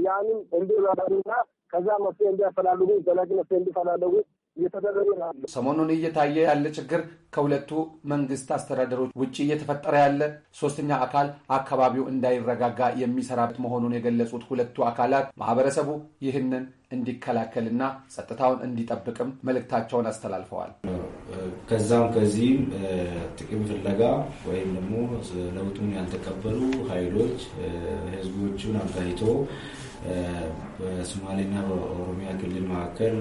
ያንን እንዲረዳሉና ከዛ መፍትሄ እንዲያፈላልጉ ዘላቂ መፍትሄ እንዲፈላለጉ እየተደረገ ያለ። ሰሞኑን እየታየ ያለ ችግር ከሁለቱ መንግስት አስተዳደሮች ውጭ እየተፈጠረ ያለ ሶስተኛ አካል አካባቢው እንዳይረጋጋ የሚሰራበት መሆኑን የገለጹት ሁለቱ አካላት ማህበረሰቡ ይህንን እንዲከላከልና ጸጥታውን እንዲጠብቅም መልእክታቸውን አስተላልፈዋል። ከዛም ከዚህም ጥቅም ፍለጋ ወይም ደግሞ ለውጡን ያልተቀበሉ ኃይሎች ህዝቦቹን አጋይቶ በሶማሌና በኦሮሚያ ክልል መካከል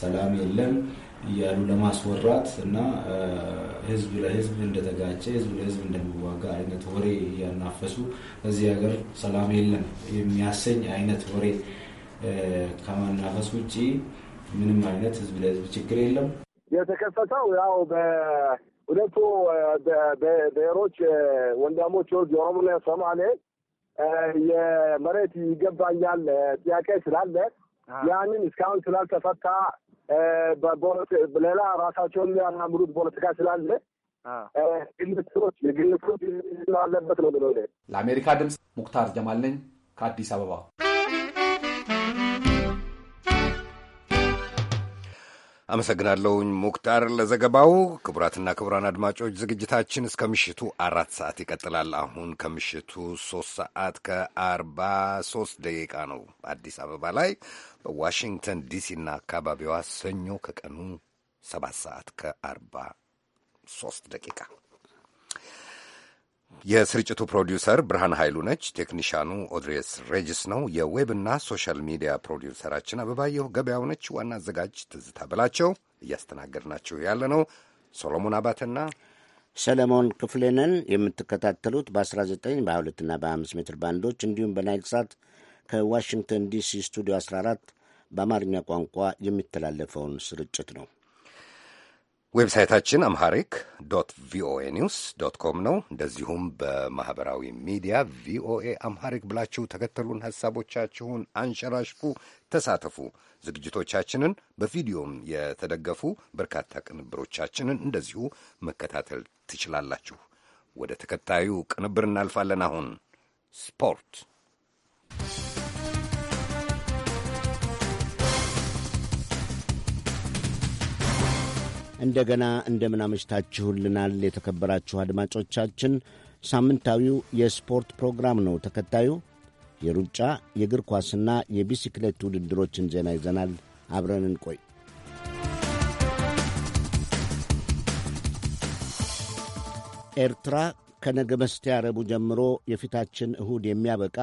ሰላም የለም እያሉ ለማስወራት እና ህዝብ ለህዝብ እንደተጋጨ ህዝብ ለህዝብ እንደሚዋጋ አይነት ወሬ እያናፈሱ በዚህ ሀገር ሰላም የለም የሚያሰኝ አይነት ወሬ ከማናፈስ ውጭ ምንም አይነት ህዝብ ለህዝብ ችግር የለም። የተከሰተው ያው በሁለቱ ብሔሮች ወንድማማቾች የኦሮሞና ሶማሌ የመሬት ይገባኛል ጥያቄ ስላለ ያንን እስካሁን ስላልተፈታ ሌላ ራሳቸውን ሊያናምሩት ፖለቲካ ስላለ ግለሰቦች ግለሰቦች አለበት ነው ብለ ለአሜሪካ ድምፅ ሙክታር ጀማል ነኝ ከአዲስ አበባ አመሰግናለሁኝ ሙክታር ለዘገባው። ክቡራትና ክቡራን አድማጮች ዝግጅታችን እስከ ምሽቱ አራት ሰዓት ይቀጥላል። አሁን ከምሽቱ ሶስት ሰዓት ከአርባ ሶስት ደቂቃ ነው አዲስ አበባ ላይ። በዋሽንግተን ዲሲና አካባቢዋ ሰኞ ከቀኑ ሰባት ሰዓት ከአርባ ሶስት ደቂቃ የስርጭቱ ፕሮዲውሰር ብርሃን ኃይሉ ነች። ቴክኒሻኑ ኦድሬስ ሬጅስ ነው። የዌብና ሶሻል ሚዲያ ፕሮዲውሰራችን አበባየሁ ገበያው ነች። ዋና አዘጋጅ ትዝታ በላቸው። እያስተናገድናችሁ ያለ ነው ሶሎሞን አባተና ሰለሞን ክፍሌነን። የምትከታተሉት በ19 2 ና በ 5 ሜትር ባንዶች እንዲሁም በናይል ሳት ከዋሽንግተን ዲሲ ስቱዲዮ 14 በአማርኛ ቋንቋ የሚተላለፈውን ስርጭት ነው። ዌብሳይታችን አምሃሪክ ዶት ቪኦኤ ኒውስ ዶት ኮም ነው። እንደዚሁም በማኅበራዊ ሚዲያ ቪኦኤ አምሃሪክ ብላችሁ ተከተሉን፣ ሐሳቦቻችሁን አንሸራሽፉ፣ ተሳተፉ። ዝግጅቶቻችንን በቪዲዮም የተደገፉ በርካታ ቅንብሮቻችንን እንደዚሁ መከታተል ትችላላችሁ። ወደ ተከታዩ ቅንብር እናልፋለን። አሁን ስፖርት እንደገና እንደምናመሽታችሁልናል የተከበራችሁ አድማጮቻችን። ሳምንታዊው የስፖርት ፕሮግራም ነው። ተከታዩ የሩጫ የእግር ኳስና የቢሲክሌት ውድድሮችን ዜና ይዘናል። አብረን እንቆይ። ኤርትራ ከነገ በስቲያ ረቡዕ ጀምሮ የፊታችን እሁድ የሚያበቃ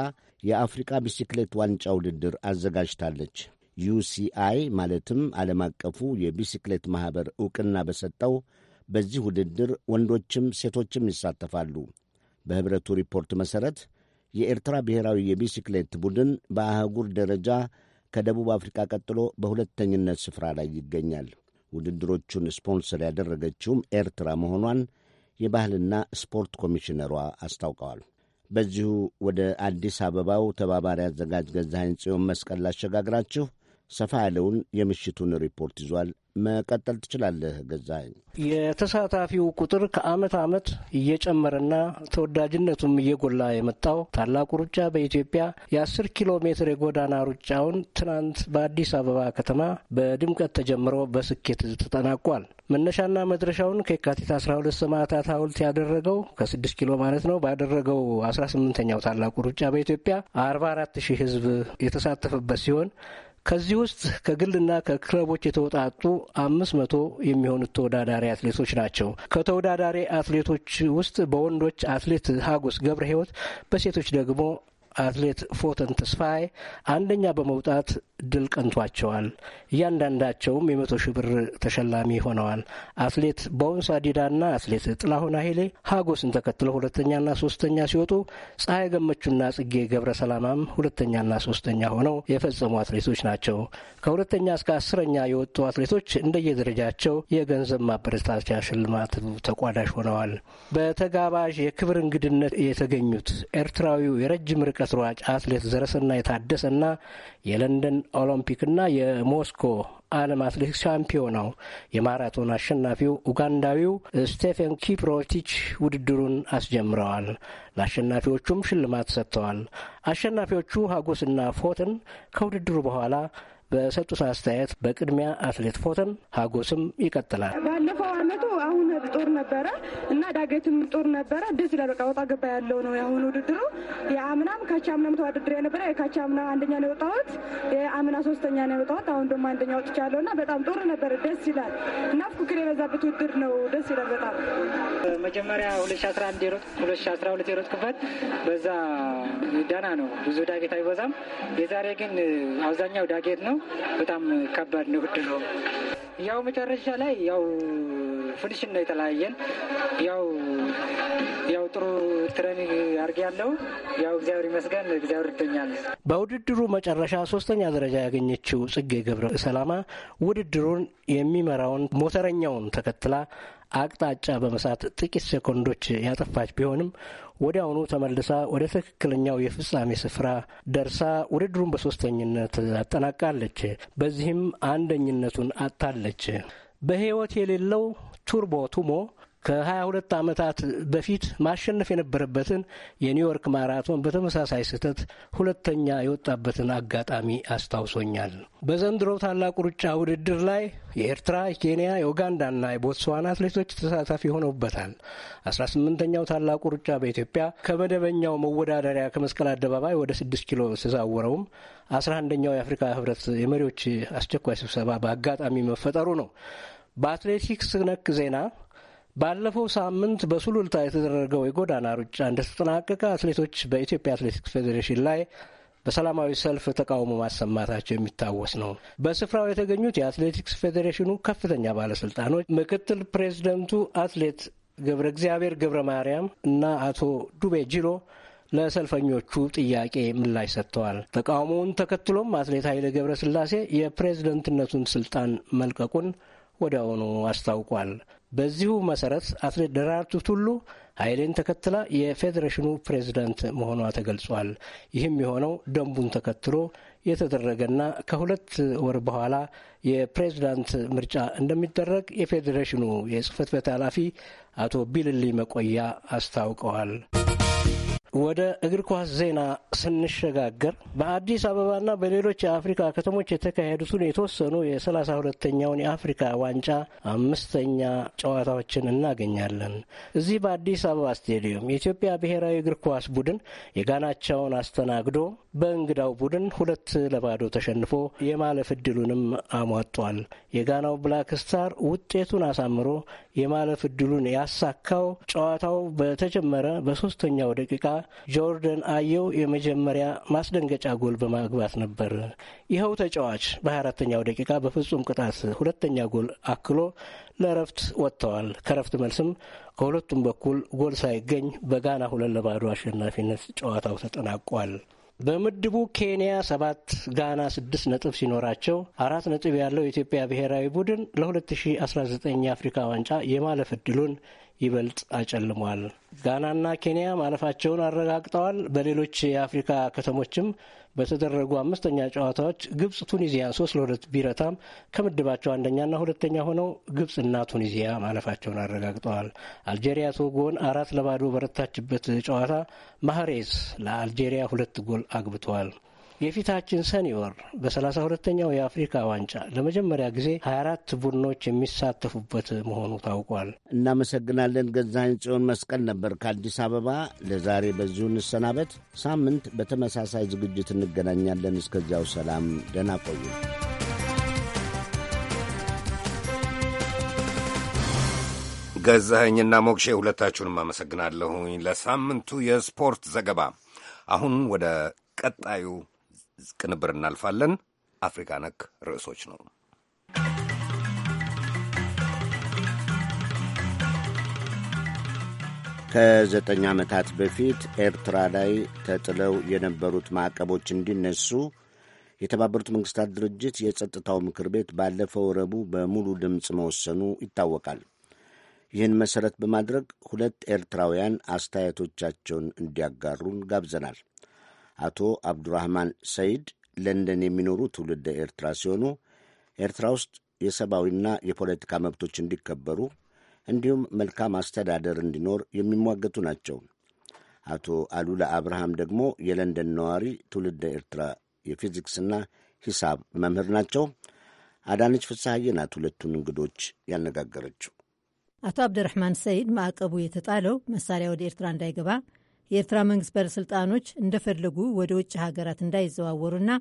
የአፍሪቃ ቢሲክሌት ዋንጫ ውድድር አዘጋጅታለች። ዩሲአይ ማለትም ዓለም አቀፉ የቢሲክሌት ማኅበር ዕውቅና በሰጠው በዚህ ውድድር ወንዶችም ሴቶችም ይሳተፋሉ። በኅብረቱ ሪፖርት መሠረት የኤርትራ ብሔራዊ የቢሲክሌት ቡድን በአህጉር ደረጃ ከደቡብ አፍሪካ ቀጥሎ በሁለተኝነት ስፍራ ላይ ይገኛል። ውድድሮቹን ስፖንሰር ያደረገችውም ኤርትራ መሆኗን የባህልና ስፖርት ኮሚሽነሯ አስታውቀዋል። በዚሁ ወደ አዲስ አበባው ተባባሪ አዘጋጅ ገዛኸኝ ጽዮን መስቀል ላሸጋግራችሁ። ሰፋ ያለውን የምሽቱን ሪፖርት ይዟል። መቀጠል ትችላለህ ገዛኸኝ። የተሳታፊው ቁጥር ከዓመት ዓመት እየጨመረና ተወዳጅነቱም እየጎላ የመጣው ታላቁ ሩጫ በኢትዮጵያ የአስር ኪሎ ሜትር የጎዳና ሩጫውን ትናንት በአዲስ አበባ ከተማ በድምቀት ተጀምሮ በስኬት ተጠናቋል። መነሻና መድረሻውን ከየካቲት 12 ሰማዕታት ሐውልት ያደረገው ከ6 ኪሎ ማለት ነው ባደረገው 18ኛው ታላቁ ሩጫ በኢትዮጵያ 44 ሺህ ህዝብ የተሳተፈበት ሲሆን ከዚህ ውስጥ ከግልና ከክለቦች የተውጣጡ አምስት መቶ የሚሆኑት ተወዳዳሪ አትሌቶች ናቸው። ከተወዳዳሪ አትሌቶች ውስጥ በወንዶች አትሌት ሀጎስ ገብረ ሕይወት፣ በሴቶች ደግሞ አትሌት ፎተን ተስፋዬ አንደኛ በመውጣት ድል ቀንቷቸዋል። እያንዳንዳቸውም የመቶ ሺህ ብር ተሸላሚ ሆነዋል። አትሌት ባውንስ አዲዳና አትሌት ጥላሁን ኃይሌ ሀጎስን ተከትለው ሁለተኛና ሶስተኛ ሲወጡ ፀሐይ ገመቹና ጽጌ ገብረ ሰላማም ሁለተኛና ሶስተኛ ሆነው የፈጸሙ አትሌቶች ናቸው። ከሁለተኛ እስከ አስረኛ የወጡ አትሌቶች እንደየደረጃቸው የገንዘብ ማበረታቻ ሽልማት ተቋዳሽ ሆነዋል። በተጋባዥ የክብር እንግድነት የተገኙት ኤርትራዊው የረጅም ርቀት ሯጭ አትሌት ዘረሰና የታደሰና የለንደን ኦሎምፒክና የሞስኮ ዓለም አትሌቲክስ ሻምፒዮናው የማራቶን አሸናፊው ኡጋንዳዊው ስቴፌን ኪፕሮቲች ውድድሩን አስጀምረዋል። ለአሸናፊዎቹም ሽልማት ሰጥተዋል። አሸናፊዎቹ ሀጎስና ፎትን ከውድድሩ በኋላ በሰጡት አስተያየት በቅድሚያ አትሌት ፎተም ሀጎስም ይቀጥላል። ባለፈው አመቱ አሁን ጦር ነበረ እና ዳገትም ጦር ነበረ። ደስ ይላል። በቃ ወጣ ገባ ያለው ነው የአሁኑ ውድድሩ። የአምናም ካቻምናም ተወዳድሬ ነበረ። የካቻምና አንደኛ ነው የወጣሁት። የአምና ሶስተኛ ነው የወጣሁት። አሁን ደግሞ አንደኛ ወጥቻለሁ እና በጣም ጦር ነበረ። ደስ ይላል እና ፉክክር የበዛበት ውድድር ነው። ደስ ይላል በጣም መጀመሪያ 2011 የሮጥ 2012 ክፈት በዛ ደህና ነው ብዙ ዳጌት አይበዛም። የዛሬ ግን አብዛኛው ዳጌት ነው ነው። በጣም ከባድ ነው፣ ነው። ያው መጨረሻ ላይ ያው ፍንሽ ነው የተለያየን። ያው ያው ጥሩ ትሬኒንግ አድርጌ ያለው ያው እግዚአብሔር ይመስገን እግዚአብሔር ይደኛል። በውድድሩ መጨረሻ ሶስተኛ ደረጃ ያገኘችው ጽጌ ገብረ ሰላማ ውድድሩን የሚመራውን ሞተረኛውን ተከትላ አቅጣጫ በመሳት ጥቂት ሴኮንዶች ያጠፋች ቢሆንም ወዲያውኑ ተመልሳ ወደ ትክክለኛው የፍጻሜ ስፍራ ደርሳ ውድድሩን በሶስተኝነት አጠናቃለች። በዚህም አንደኝነቱን አጥታለች። በሕይወት የሌለው ቱርቦ ቱሞ ከ ሁለት ዓመታት በፊት ማሸነፍ የነበረበትን የኒውዮርክ ማራቶን በተመሳሳይ ስህተት ሁለተኛ የወጣበትን አጋጣሚ አስታውሶኛል። በዘንድሮ ታላቁ ሩጫ ውድድር ላይ የኤርትራ፣ የኬንያ፣ የኡጋንዳና የቦትስዋና አትሌቶች ተሳታፊ ሆነውበታል አስራ ስምንተኛው ታላቁ ሩጫ በኢትዮጵያ ከመደበኛው መወዳደሪያ ከመስቀል አደባባይ ወደ 6 ኪሎ ሲዛወረውም 11 አንደኛው የአፍሪካ ህብረት የመሪዎች አስቸኳይ ስብሰባ በአጋጣሚ መፈጠሩ ነው። በአትሌቲክስ ነክ ዜና ባለፈው ሳምንት በሱሉልታ የተደረገው የጎዳና ሩጫ እንደተጠናቀቀ አትሌቶች በኢትዮጵያ አትሌቲክስ ፌዴሬሽን ላይ በሰላማዊ ሰልፍ ተቃውሞ ማሰማታቸው የሚታወስ ነው። በስፍራው የተገኙት የአትሌቲክስ ፌዴሬሽኑ ከፍተኛ ባለስልጣኖች፣ ምክትል ፕሬዚደንቱ አትሌት ገብረ እግዚአብሔር ገብረ ማርያም እና አቶ ዱቤ ጂሎ ለሰልፈኞቹ ጥያቄ ምላሽ ሰጥተዋል። ተቃውሞውን ተከትሎም አትሌት ኃይለ ገብረ ስላሴ የፕሬዝደንትነቱን ስልጣን መልቀቁን ወዲያውኑ አስታውቋል። በዚሁ መሰረት አትሌት ደራርቱ ቱሉ ኃይሌን ተከትላ የፌዴሬሽኑ ፕሬዝዳንት መሆኗ ተገልጿል። ይህም የሆነው ደንቡን ተከትሎ የተደረገና ከሁለት ወር በኋላ የፕሬዝዳንት ምርጫ እንደሚደረግ የፌዴሬሽኑ የጽህፈት ቤት ኃላፊ አቶ ቢልሊ መቆያ አስታውቀዋል። ወደ እግር ኳስ ዜና ስንሸጋገር በአዲስ አበባና በሌሎች የአፍሪካ ከተሞች የተካሄዱትን የተወሰኑ የሰላሳ ሁለተኛውን የአፍሪካ ዋንጫ አምስተኛ ጨዋታዎችን እናገኛለን። እዚህ በአዲስ አበባ ስቴዲየም የኢትዮጵያ ብሔራዊ እግር ኳስ ቡድን የጋናቻውን አስተናግዶ በእንግዳው ቡድን ሁለት ለባዶ ተሸንፎ የማለፍ እድሉንም አሟጧል። የጋናው ብላክ ስታር ውጤቱን አሳምሮ የማለፍ እድሉን ያሳካው ጨዋታው በተጀመረ በሶስተኛው ደቂቃ ጆርደን አየው የመጀመሪያ ማስደንገጫ ጎል በማግባት ነበር። ይኸው ተጫዋች በ 24 ኛው ደቂቃ በፍጹም ቅጣት ሁለተኛ ጎል አክሎ ለእረፍት ወጥተዋል። ከእረፍት መልስም ከሁለቱም በኩል ጎል ሳይገኝ በጋና ሁለት ለባዶ አሸናፊነት ጨዋታው ተጠናቋል። በምድቡ ኬንያ ሰባት ጋና ስድስት ነጥብ ሲኖራቸው አራት ነጥብ ያለው የኢትዮጵያ ብሔራዊ ቡድን ለ2019 የአፍሪካ ዋንጫ የማለፍ ዕድሉን ይበልጥ አጨልሟል። ጋናና ኬንያ ማለፋቸውን አረጋግጠዋል። በሌሎች የአፍሪካ ከተሞችም በተደረጉ አምስተኛ ጨዋታዎች ግብጽ ቱኒዚያን ሶስት ለሁለት ቢረታም ከምድባቸው አንደኛና ሁለተኛ ሆነው ግብጽና ቱኒዚያ ማለፋቸውን አረጋግጠዋል። አልጄሪያ ቶጎን አራት ለባዶ በረታችበት ጨዋታ ማህሬዝ ለአልጄሪያ ሁለት ጎል አግብተዋል። የፊታችን ሰኔ ወር በሰላሳ ሁለተኛው የአፍሪካ ዋንጫ ለመጀመሪያ ጊዜ 24 ቡድኖች የሚሳተፉበት መሆኑ ታውቋል። እናመሰግናለን። ገዛኝ ጽዮን መስቀል ነበር ከአዲስ አበባ። ለዛሬ በዚሁ እንሰናበት። ሳምንት በተመሳሳይ ዝግጅት እንገናኛለን። እስከዚያው ሰላም፣ ደህና ቆዩ። ገዛኸኝና ሞክሼ ሁለታችሁንም አመሰግናለሁኝ ለሳምንቱ የስፖርት ዘገባ። አሁን ወደ ቀጣዩ ቅንብር እናልፋለን። አፍሪካ ነክ ርዕሶች ነው። ከዘጠኝ ዓመታት በፊት ኤርትራ ላይ ተጥለው የነበሩት ማዕቀቦች እንዲነሱ የተባበሩት መንግሥታት ድርጅት የጸጥታው ምክር ቤት ባለፈው ረቡዕ በሙሉ ድምፅ መወሰኑ ይታወቃል። ይህን መሠረት በማድረግ ሁለት ኤርትራውያን አስተያየቶቻቸውን እንዲያጋሩን ጋብዘናል። አቶ አብዱራህማን ሰይድ ለንደን የሚኖሩ ትውልደ ኤርትራ ሲሆኑ ኤርትራ ውስጥ የሰብአዊና የፖለቲካ መብቶች እንዲከበሩ እንዲሁም መልካም አስተዳደር እንዲኖር የሚሟገቱ ናቸው። አቶ አሉላ አብርሃም ደግሞ የለንደን ነዋሪ ትውልደ ኤርትራ የፊዚክስና ሂሳብ መምህር ናቸው። አዳነች ፍስሐዬ ናት ሁለቱን እንግዶች ያነጋገረችው። አቶ አብደረሕማን ሰይድ ማዕቀቡ የተጣለው መሳሪያ ወደ ኤርትራ እንዳይገባ የኤርትራ መንግስት ባለሥልጣኖች እንደፈለጉ ወደ ውጭ ሀገራት እንዳይዘዋወሩና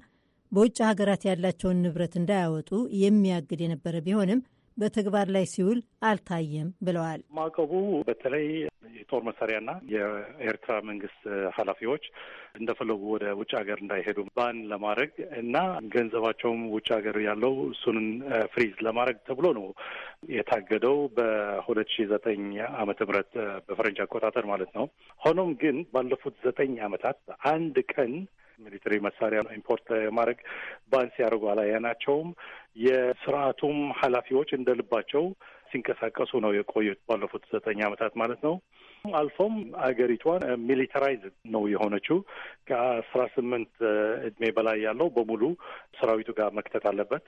በውጭ ሀገራት ያላቸውን ንብረት እንዳያወጡ የሚያግድ የነበረ ቢሆንም በተግባር ላይ ሲውል አልታየም ብለዋል። ማዕቀቡ በተለይ የጦር መሳሪያና የኤርትራ መንግስት ኃላፊዎች እንደፈለጉ ወደ ውጭ ሀገር እንዳይሄዱ ባን ለማድረግ እና ገንዘባቸውም ውጭ ሀገር ያለው እሱንን ፍሪዝ ለማድረግ ተብሎ ነው የታገደው በሁለት ሺ ዘጠኝ ዓመተ ምህረት በፈረንጅ አቆጣጠር ማለት ነው። ሆኖም ግን ባለፉት ዘጠኝ አመታት አንድ ቀን ሚሊተሪ መሳሪያ ኢምፖርት የማድረግ ባን ሲያደርጉ አላየናቸውም። የስርዓቱም ኃላፊዎች እንደልባቸው ሲንቀሳቀሱ ነው የቆዩት ባለፉት ዘጠኝ አመታት ማለት ነው። አልፎም አገሪቷን ሚሊተራይዝ ነው የሆነችው። ከአስራ ስምንት እድሜ በላይ ያለው በሙሉ ሰራዊቱ ጋር መክተት አለበት።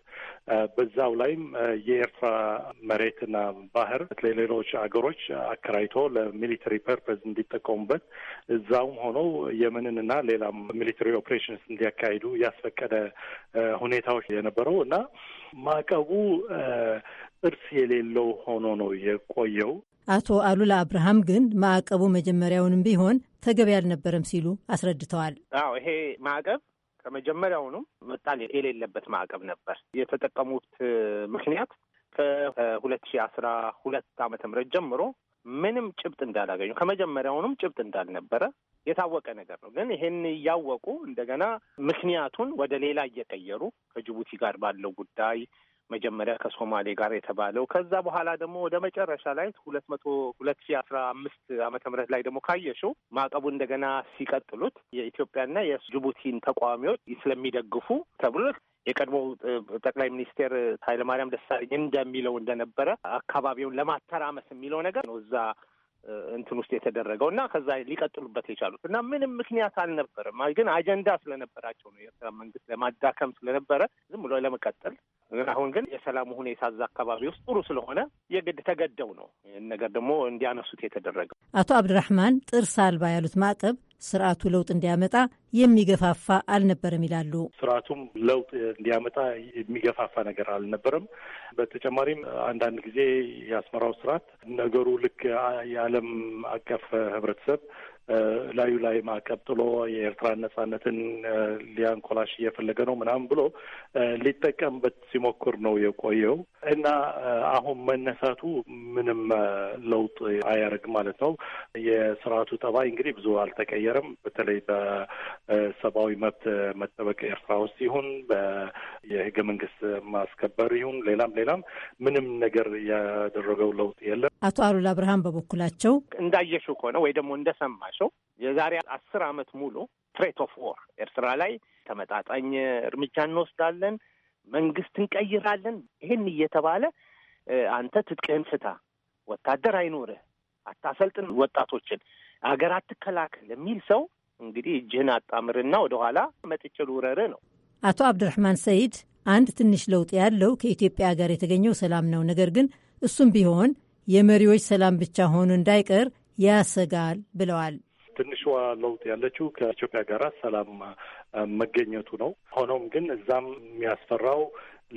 በዛው ላይም የኤርትራ መሬትና ባህር ለሌሎች አገሮች አከራይቶ ለሚሊተሪ ፐርፐዝ እንዲጠቀሙበት እዛውም ሆነው የምንንና ሌላም ሚሊተሪ ኦፕሬሽንስ እንዲያካሂዱ ያስፈቀደ ሁኔታዎች የነበረው እና ማዕቀቡ እርስ የሌለው ሆኖ ነው የቆየው። አቶ አሉላ አብርሃም ግን ማዕቀቡ መጀመሪያውንም ቢሆን ተገቢ አልነበረም ሲሉ አስረድተዋል። አዎ ይሄ ማዕቀብ ከመጀመሪያውኑም መጣል የሌለበት ማዕቀብ ነበር። የተጠቀሙት ምክንያት ከሁለት ሺ አስራ ሁለት ዓመተ ምህረት ጀምሮ ምንም ጭብጥ እንዳላገኙ ከመጀመሪያውንም ጭብጥ እንዳልነበረ የታወቀ ነገር ነው። ግን ይህን እያወቁ እንደገና ምክንያቱን ወደ ሌላ እየቀየሩ ከጅቡቲ ጋር ባለው ጉዳይ መጀመሪያ ከሶማሌ ጋር የተባለው ከዛ በኋላ ደግሞ ወደ መጨረሻ ላይ ሁለት መቶ ሁለት ሺ አስራ አምስት አመተ ምህረት ላይ ደግሞ ካየሽው ማዕቀቡ እንደገና ሲቀጥሉት የኢትዮጵያና የጅቡቲን ተቃዋሚዎች ስለሚደግፉ ተብሎ የቀድሞ ጠቅላይ ሚኒስቴር ኃይለማርያም ደሳለኝ እንደሚለው እንደነበረ አካባቢውን ለማተራመስ የሚለው ነገር ነው እዛ እንትን ውስጥ የተደረገው እና ከዛ ሊቀጥሉበት የቻሉት እና ምንም ምክንያት አልነበረም። ግን አጀንዳ ስለነበራቸው ነው የኤርትራ መንግስት ለማዳከም ስለነበረ ዝም ብሎ ለመቀጠል። አሁን ግን የሰላሙ ሁኔታ እዛ አካባቢ ውስጥ ጥሩ ስለሆነ የግድ ተገደው ነው ይህን ነገር ደግሞ እንዲያነሱት የተደረገው። አቶ አብድራህማን ጥርስ አልባ ያሉት ማዕቀብ ስርዓቱ ለውጥ እንዲያመጣ የሚገፋፋ አልነበረም ይላሉ። ስርዓቱም ለውጥ እንዲያመጣ የሚገፋፋ ነገር አልነበረም። በተጨማሪም አንዳንድ ጊዜ የአስመራው ስርዓት ነገሩ ልክ የዓለም አቀፍ ህብረተሰብ ላዩ ላይ ማዕቀብ ጥሎ የኤርትራን ነጻነትን ሊያንኮላሽ እየፈለገ ነው ምናምን ብሎ ሊጠቀምበት ሲሞክር ነው የቆየው እና አሁን መነሳቱ ምንም ለውጥ አያደርግም ማለት ነው። የስርዓቱ ጠባይ እንግዲህ ብዙ አልተቀየረም። በተለይ በሰብአዊ መብት መጠበቅ ኤርትራ ውስጥ ይሁን የህገ መንግስት ማስከበር ይሁን ሌላም ሌላም ምንም ነገር ያደረገው ለውጥ የለም። አቶ አሉላ ብርሃን በበኩላቸው እንዳየሽው ከሆነ ወይ ደግሞ እንደሰማ የምንጠቅሳቸው የዛሬ አስር አመት ሙሉ ትሬት ኦፍ ዎር ኤርትራ ላይ ተመጣጣኝ እርምጃ እንወስዳለን፣ መንግስት እንቀይራለን፣ ይህን እየተባለ አንተ ትጥቅህን ፍታ፣ ወታደር አይኖርህ፣ አታሰልጥን፣ ወጣቶችን አገር አትከላከል የሚል ሰው እንግዲህ እጅህን አጣምርና ወደኋላ መጥቼ ልውረርህ ነው። አቶ አብዱራህማን ሰይድ አንድ ትንሽ ለውጥ ያለው ከኢትዮጵያ ጋር የተገኘው ሰላም ነው። ነገር ግን እሱም ቢሆን የመሪዎች ሰላም ብቻ ሆኖ እንዳይቀር ያሰጋል ብለዋል። ትንሿ ለውጥ ያለችው ከኢትዮጵያ ጋር ሰላም መገኘቱ ነው። ሆኖም ግን እዛም የሚያስፈራው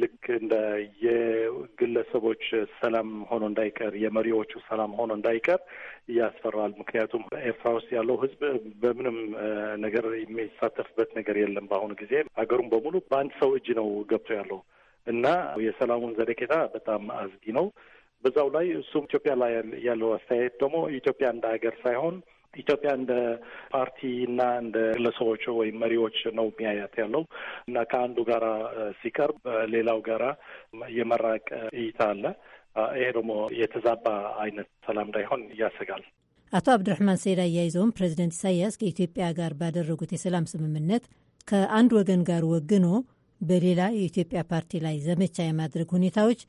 ልክ እንደ የግለሰቦች ሰላም ሆኖ እንዳይቀር የመሪዎቹ ሰላም ሆኖ እንዳይቀር ያስፈራዋል። ምክንያቱም ኤርትራ ውስጥ ያለው ሕዝብ በምንም ነገር የሚሳተፍበት ነገር የለም። በአሁኑ ጊዜ ሀገሩን በሙሉ በአንድ ሰው እጅ ነው ገብቶ ያለው እና የሰላሙን ዘለቄታ በጣም አዝጊ ነው። በዛው ላይ እሱም ኢትዮጵያ ላይ ያለው አስተያየት ደግሞ ኢትዮጵያ እንደ ሀገር ሳይሆን ኢትዮጵያ እንደ ፓርቲና እንደ ግለሰቦች ወይም መሪዎች ነው የሚያያት ያለው እና ከአንዱ ጋራ ሲቀርብ ሌላው ጋራ የመራቅ እይታ አለ። ይሄ ደግሞ የተዛባ አይነት ሰላም እንዳይሆን ያሰጋል። አቶ አብድራህማን ሰይድ አያይዘውም ፕሬዚደንት ኢሳያስ ከኢትዮጵያ ጋር ባደረጉት የሰላም ስምምነት ከአንድ ወገን ጋር ወግኖ በሌላ የኢትዮጵያ ፓርቲ ላይ ዘመቻ የማድረግ ሁኔታዎች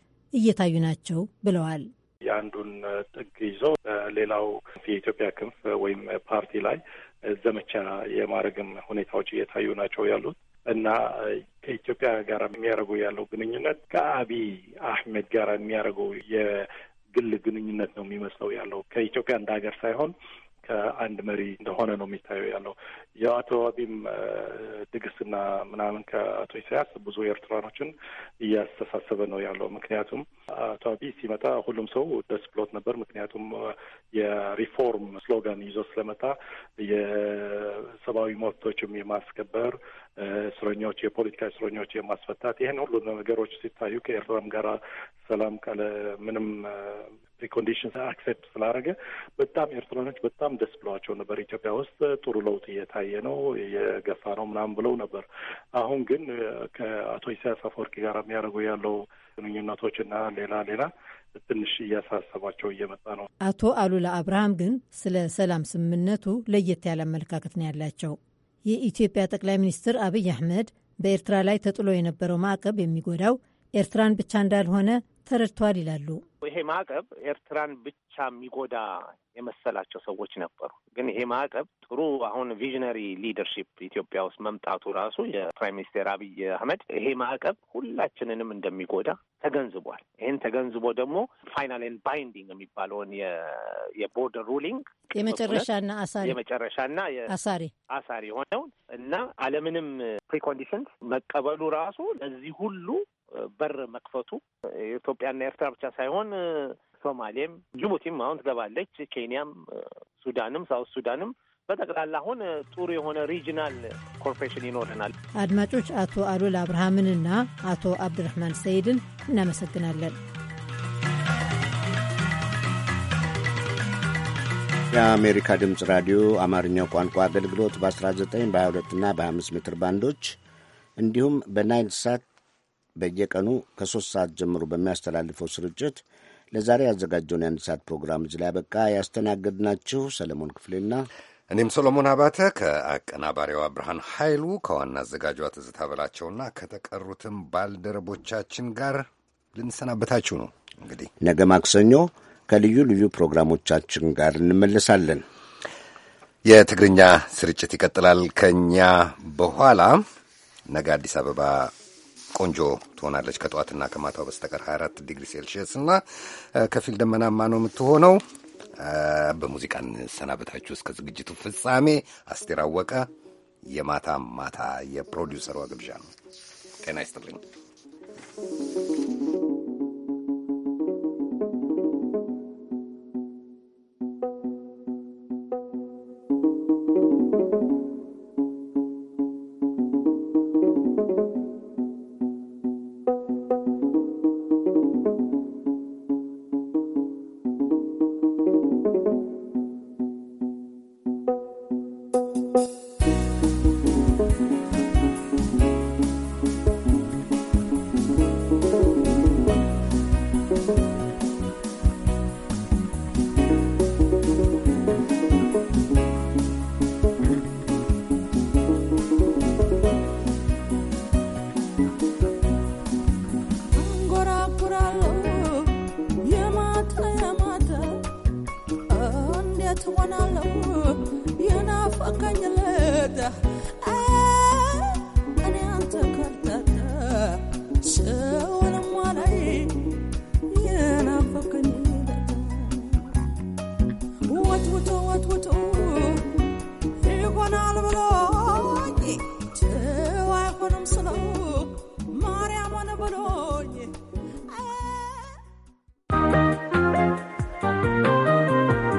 እየታዩ ናቸው ብለዋል። የአንዱን ጥግ ይዞ በሌላው የኢትዮጵያ ክንፍ ወይም ፓርቲ ላይ ዘመቻ የማድረግም ሁኔታዎች እየታዩ ናቸው ያሉት እና ከኢትዮጵያ ጋር የሚያደርጉ ያለው ግንኙነት ከአቢይ አህመድ ጋር የሚያደርጉ የግል ግንኙነት ነው የሚመስለው ያለው ከኢትዮጵያ እንደ ሀገር ሳይሆን ከአንድ መሪ እንደሆነ ነው የሚታየው ያለው። የአቶ አቢም ድግስና ምናምን ከአቶ ኢሳያስ ብዙ ኤርትራኖችን እያስተሳሰበ ነው ያለው። ምክንያቱም አቶ አቢ ሲመጣ ሁሉም ሰው ደስ ብሎት ነበር። ምክንያቱም የሪፎርም ስሎጋን ይዞ ስለመጣ የሰብአዊ መብቶችም የማስከበር እስረኞች፣ የፖለቲካ እስረኞች የማስፈታት ይህን ሁሉ ነገሮች ሲታዩ ከኤርትራም ጋራ ሰላም ቃለ ምንም ሪኮንዲሽን አክሴፕት ስላደረገ በጣም ኤርትራኖች በጣም ደስ ብሏቸው ነበር። ኢትዮጵያ ውስጥ ጥሩ ለውጥ እየታየ ነው እየገፋ ነው ምናምን ብለው ነበር። አሁን ግን ከአቶ ኢሳያስ አፈወርቂ ጋር የሚያደርጉ ያለው ግንኙነቶች እና ሌላ ሌላ ትንሽ እያሳሰባቸው እየመጣ ነው። አቶ አሉላ አብርሃም ግን ስለ ሰላም ስምምነቱ ለየት ያለ አመለካከት ነው ያላቸው። የኢትዮጵያ ጠቅላይ ሚኒስትር አብይ አህመድ በኤርትራ ላይ ተጥሎ የነበረው ማዕቀብ የሚጎዳው ኤርትራን ብቻ እንዳልሆነ ተረድቷል ይላሉ። ይሄ ማዕቀብ ኤርትራን ብቻ የሚጎዳ የመሰላቸው ሰዎች ነበሩ። ግን ይሄ ማዕቀብ ጥሩ አሁን ቪዥነሪ ሊደርሺፕ ኢትዮጵያ ውስጥ መምጣቱ ራሱ የፕራይም ሚኒስቴር አብይ አህመድ ይሄ ማዕቀብ ሁላችንንም እንደሚጎዳ ተገንዝቧል። ይህን ተገንዝቦ ደግሞ ፋይናል ኤንድ ባይንዲንግ የሚባለውን የቦርደር ሩሊንግ የመጨረሻና አሳሪ የመጨረሻና አሳሪ አሳሪ የሆነውን እና አለምንም ፕሪኮንዲሽንስ መቀበሉ ራሱ ለዚህ ሁሉ በር መክፈቱ የኢትዮጵያና ኤርትራ ብቻ ሳይሆን ሶማሌም ጅቡቲም አሁን ትገባለች፣ ኬንያም፣ ሱዳንም፣ ሳውት ሱዳንም በጠቅላላ አሁን ጥሩ የሆነ ሪጅናል ኮርፖሬሽን ይኖረናል። አድማጮች፣ አቶ አሉላ አብርሃምንና አቶ አብድረህማን ሰይድን እናመሰግናለን። የአሜሪካ ድምፅ ራዲዮ አማርኛው ቋንቋ አገልግሎት በ19 በ22 እና በ25 ሜትር ባንዶች እንዲሁም በናይል ሳት በየቀኑ ከሶስት ሰዓት ጀምሮ በሚያስተላልፈው ስርጭት ለዛሬ ያዘጋጀውን የአንድ ሰዓት ፕሮግራም እዚህ ላይ በቃ ያስተናገድናችሁ ሰለሞን ክፍሌና እኔም ሶሎሞን አባተ ከአቀናባሪዋ ብርሃን ኃይሉ ከዋና አዘጋጇ ትዝታ በላቸውና ከተቀሩትም ባልደረቦቻችን ጋር ልንሰናበታችሁ ነው። እንግዲህ ነገ ማክሰኞ ከልዩ ልዩ ፕሮግራሞቻችን ጋር እንመለሳለን። የትግርኛ ስርጭት ይቀጥላል። ከእኛ በኋላ ነገ አዲስ አበባ ቆንጆ ትሆናለች ከጠዋትና ከማታው በስተቀር 24 ዲግሪ ሴልሺየስ እና ከፊል ደመናማ ነው የምትሆነው። በሙዚቃ እንሰናበታችሁ እስከ ዝግጅቱ ፍጻሜ። አስቴር አወቀ የማታ ማታ የፕሮዲውሰሯ ግብዣ ነው። ጤና ይስጥልኝ።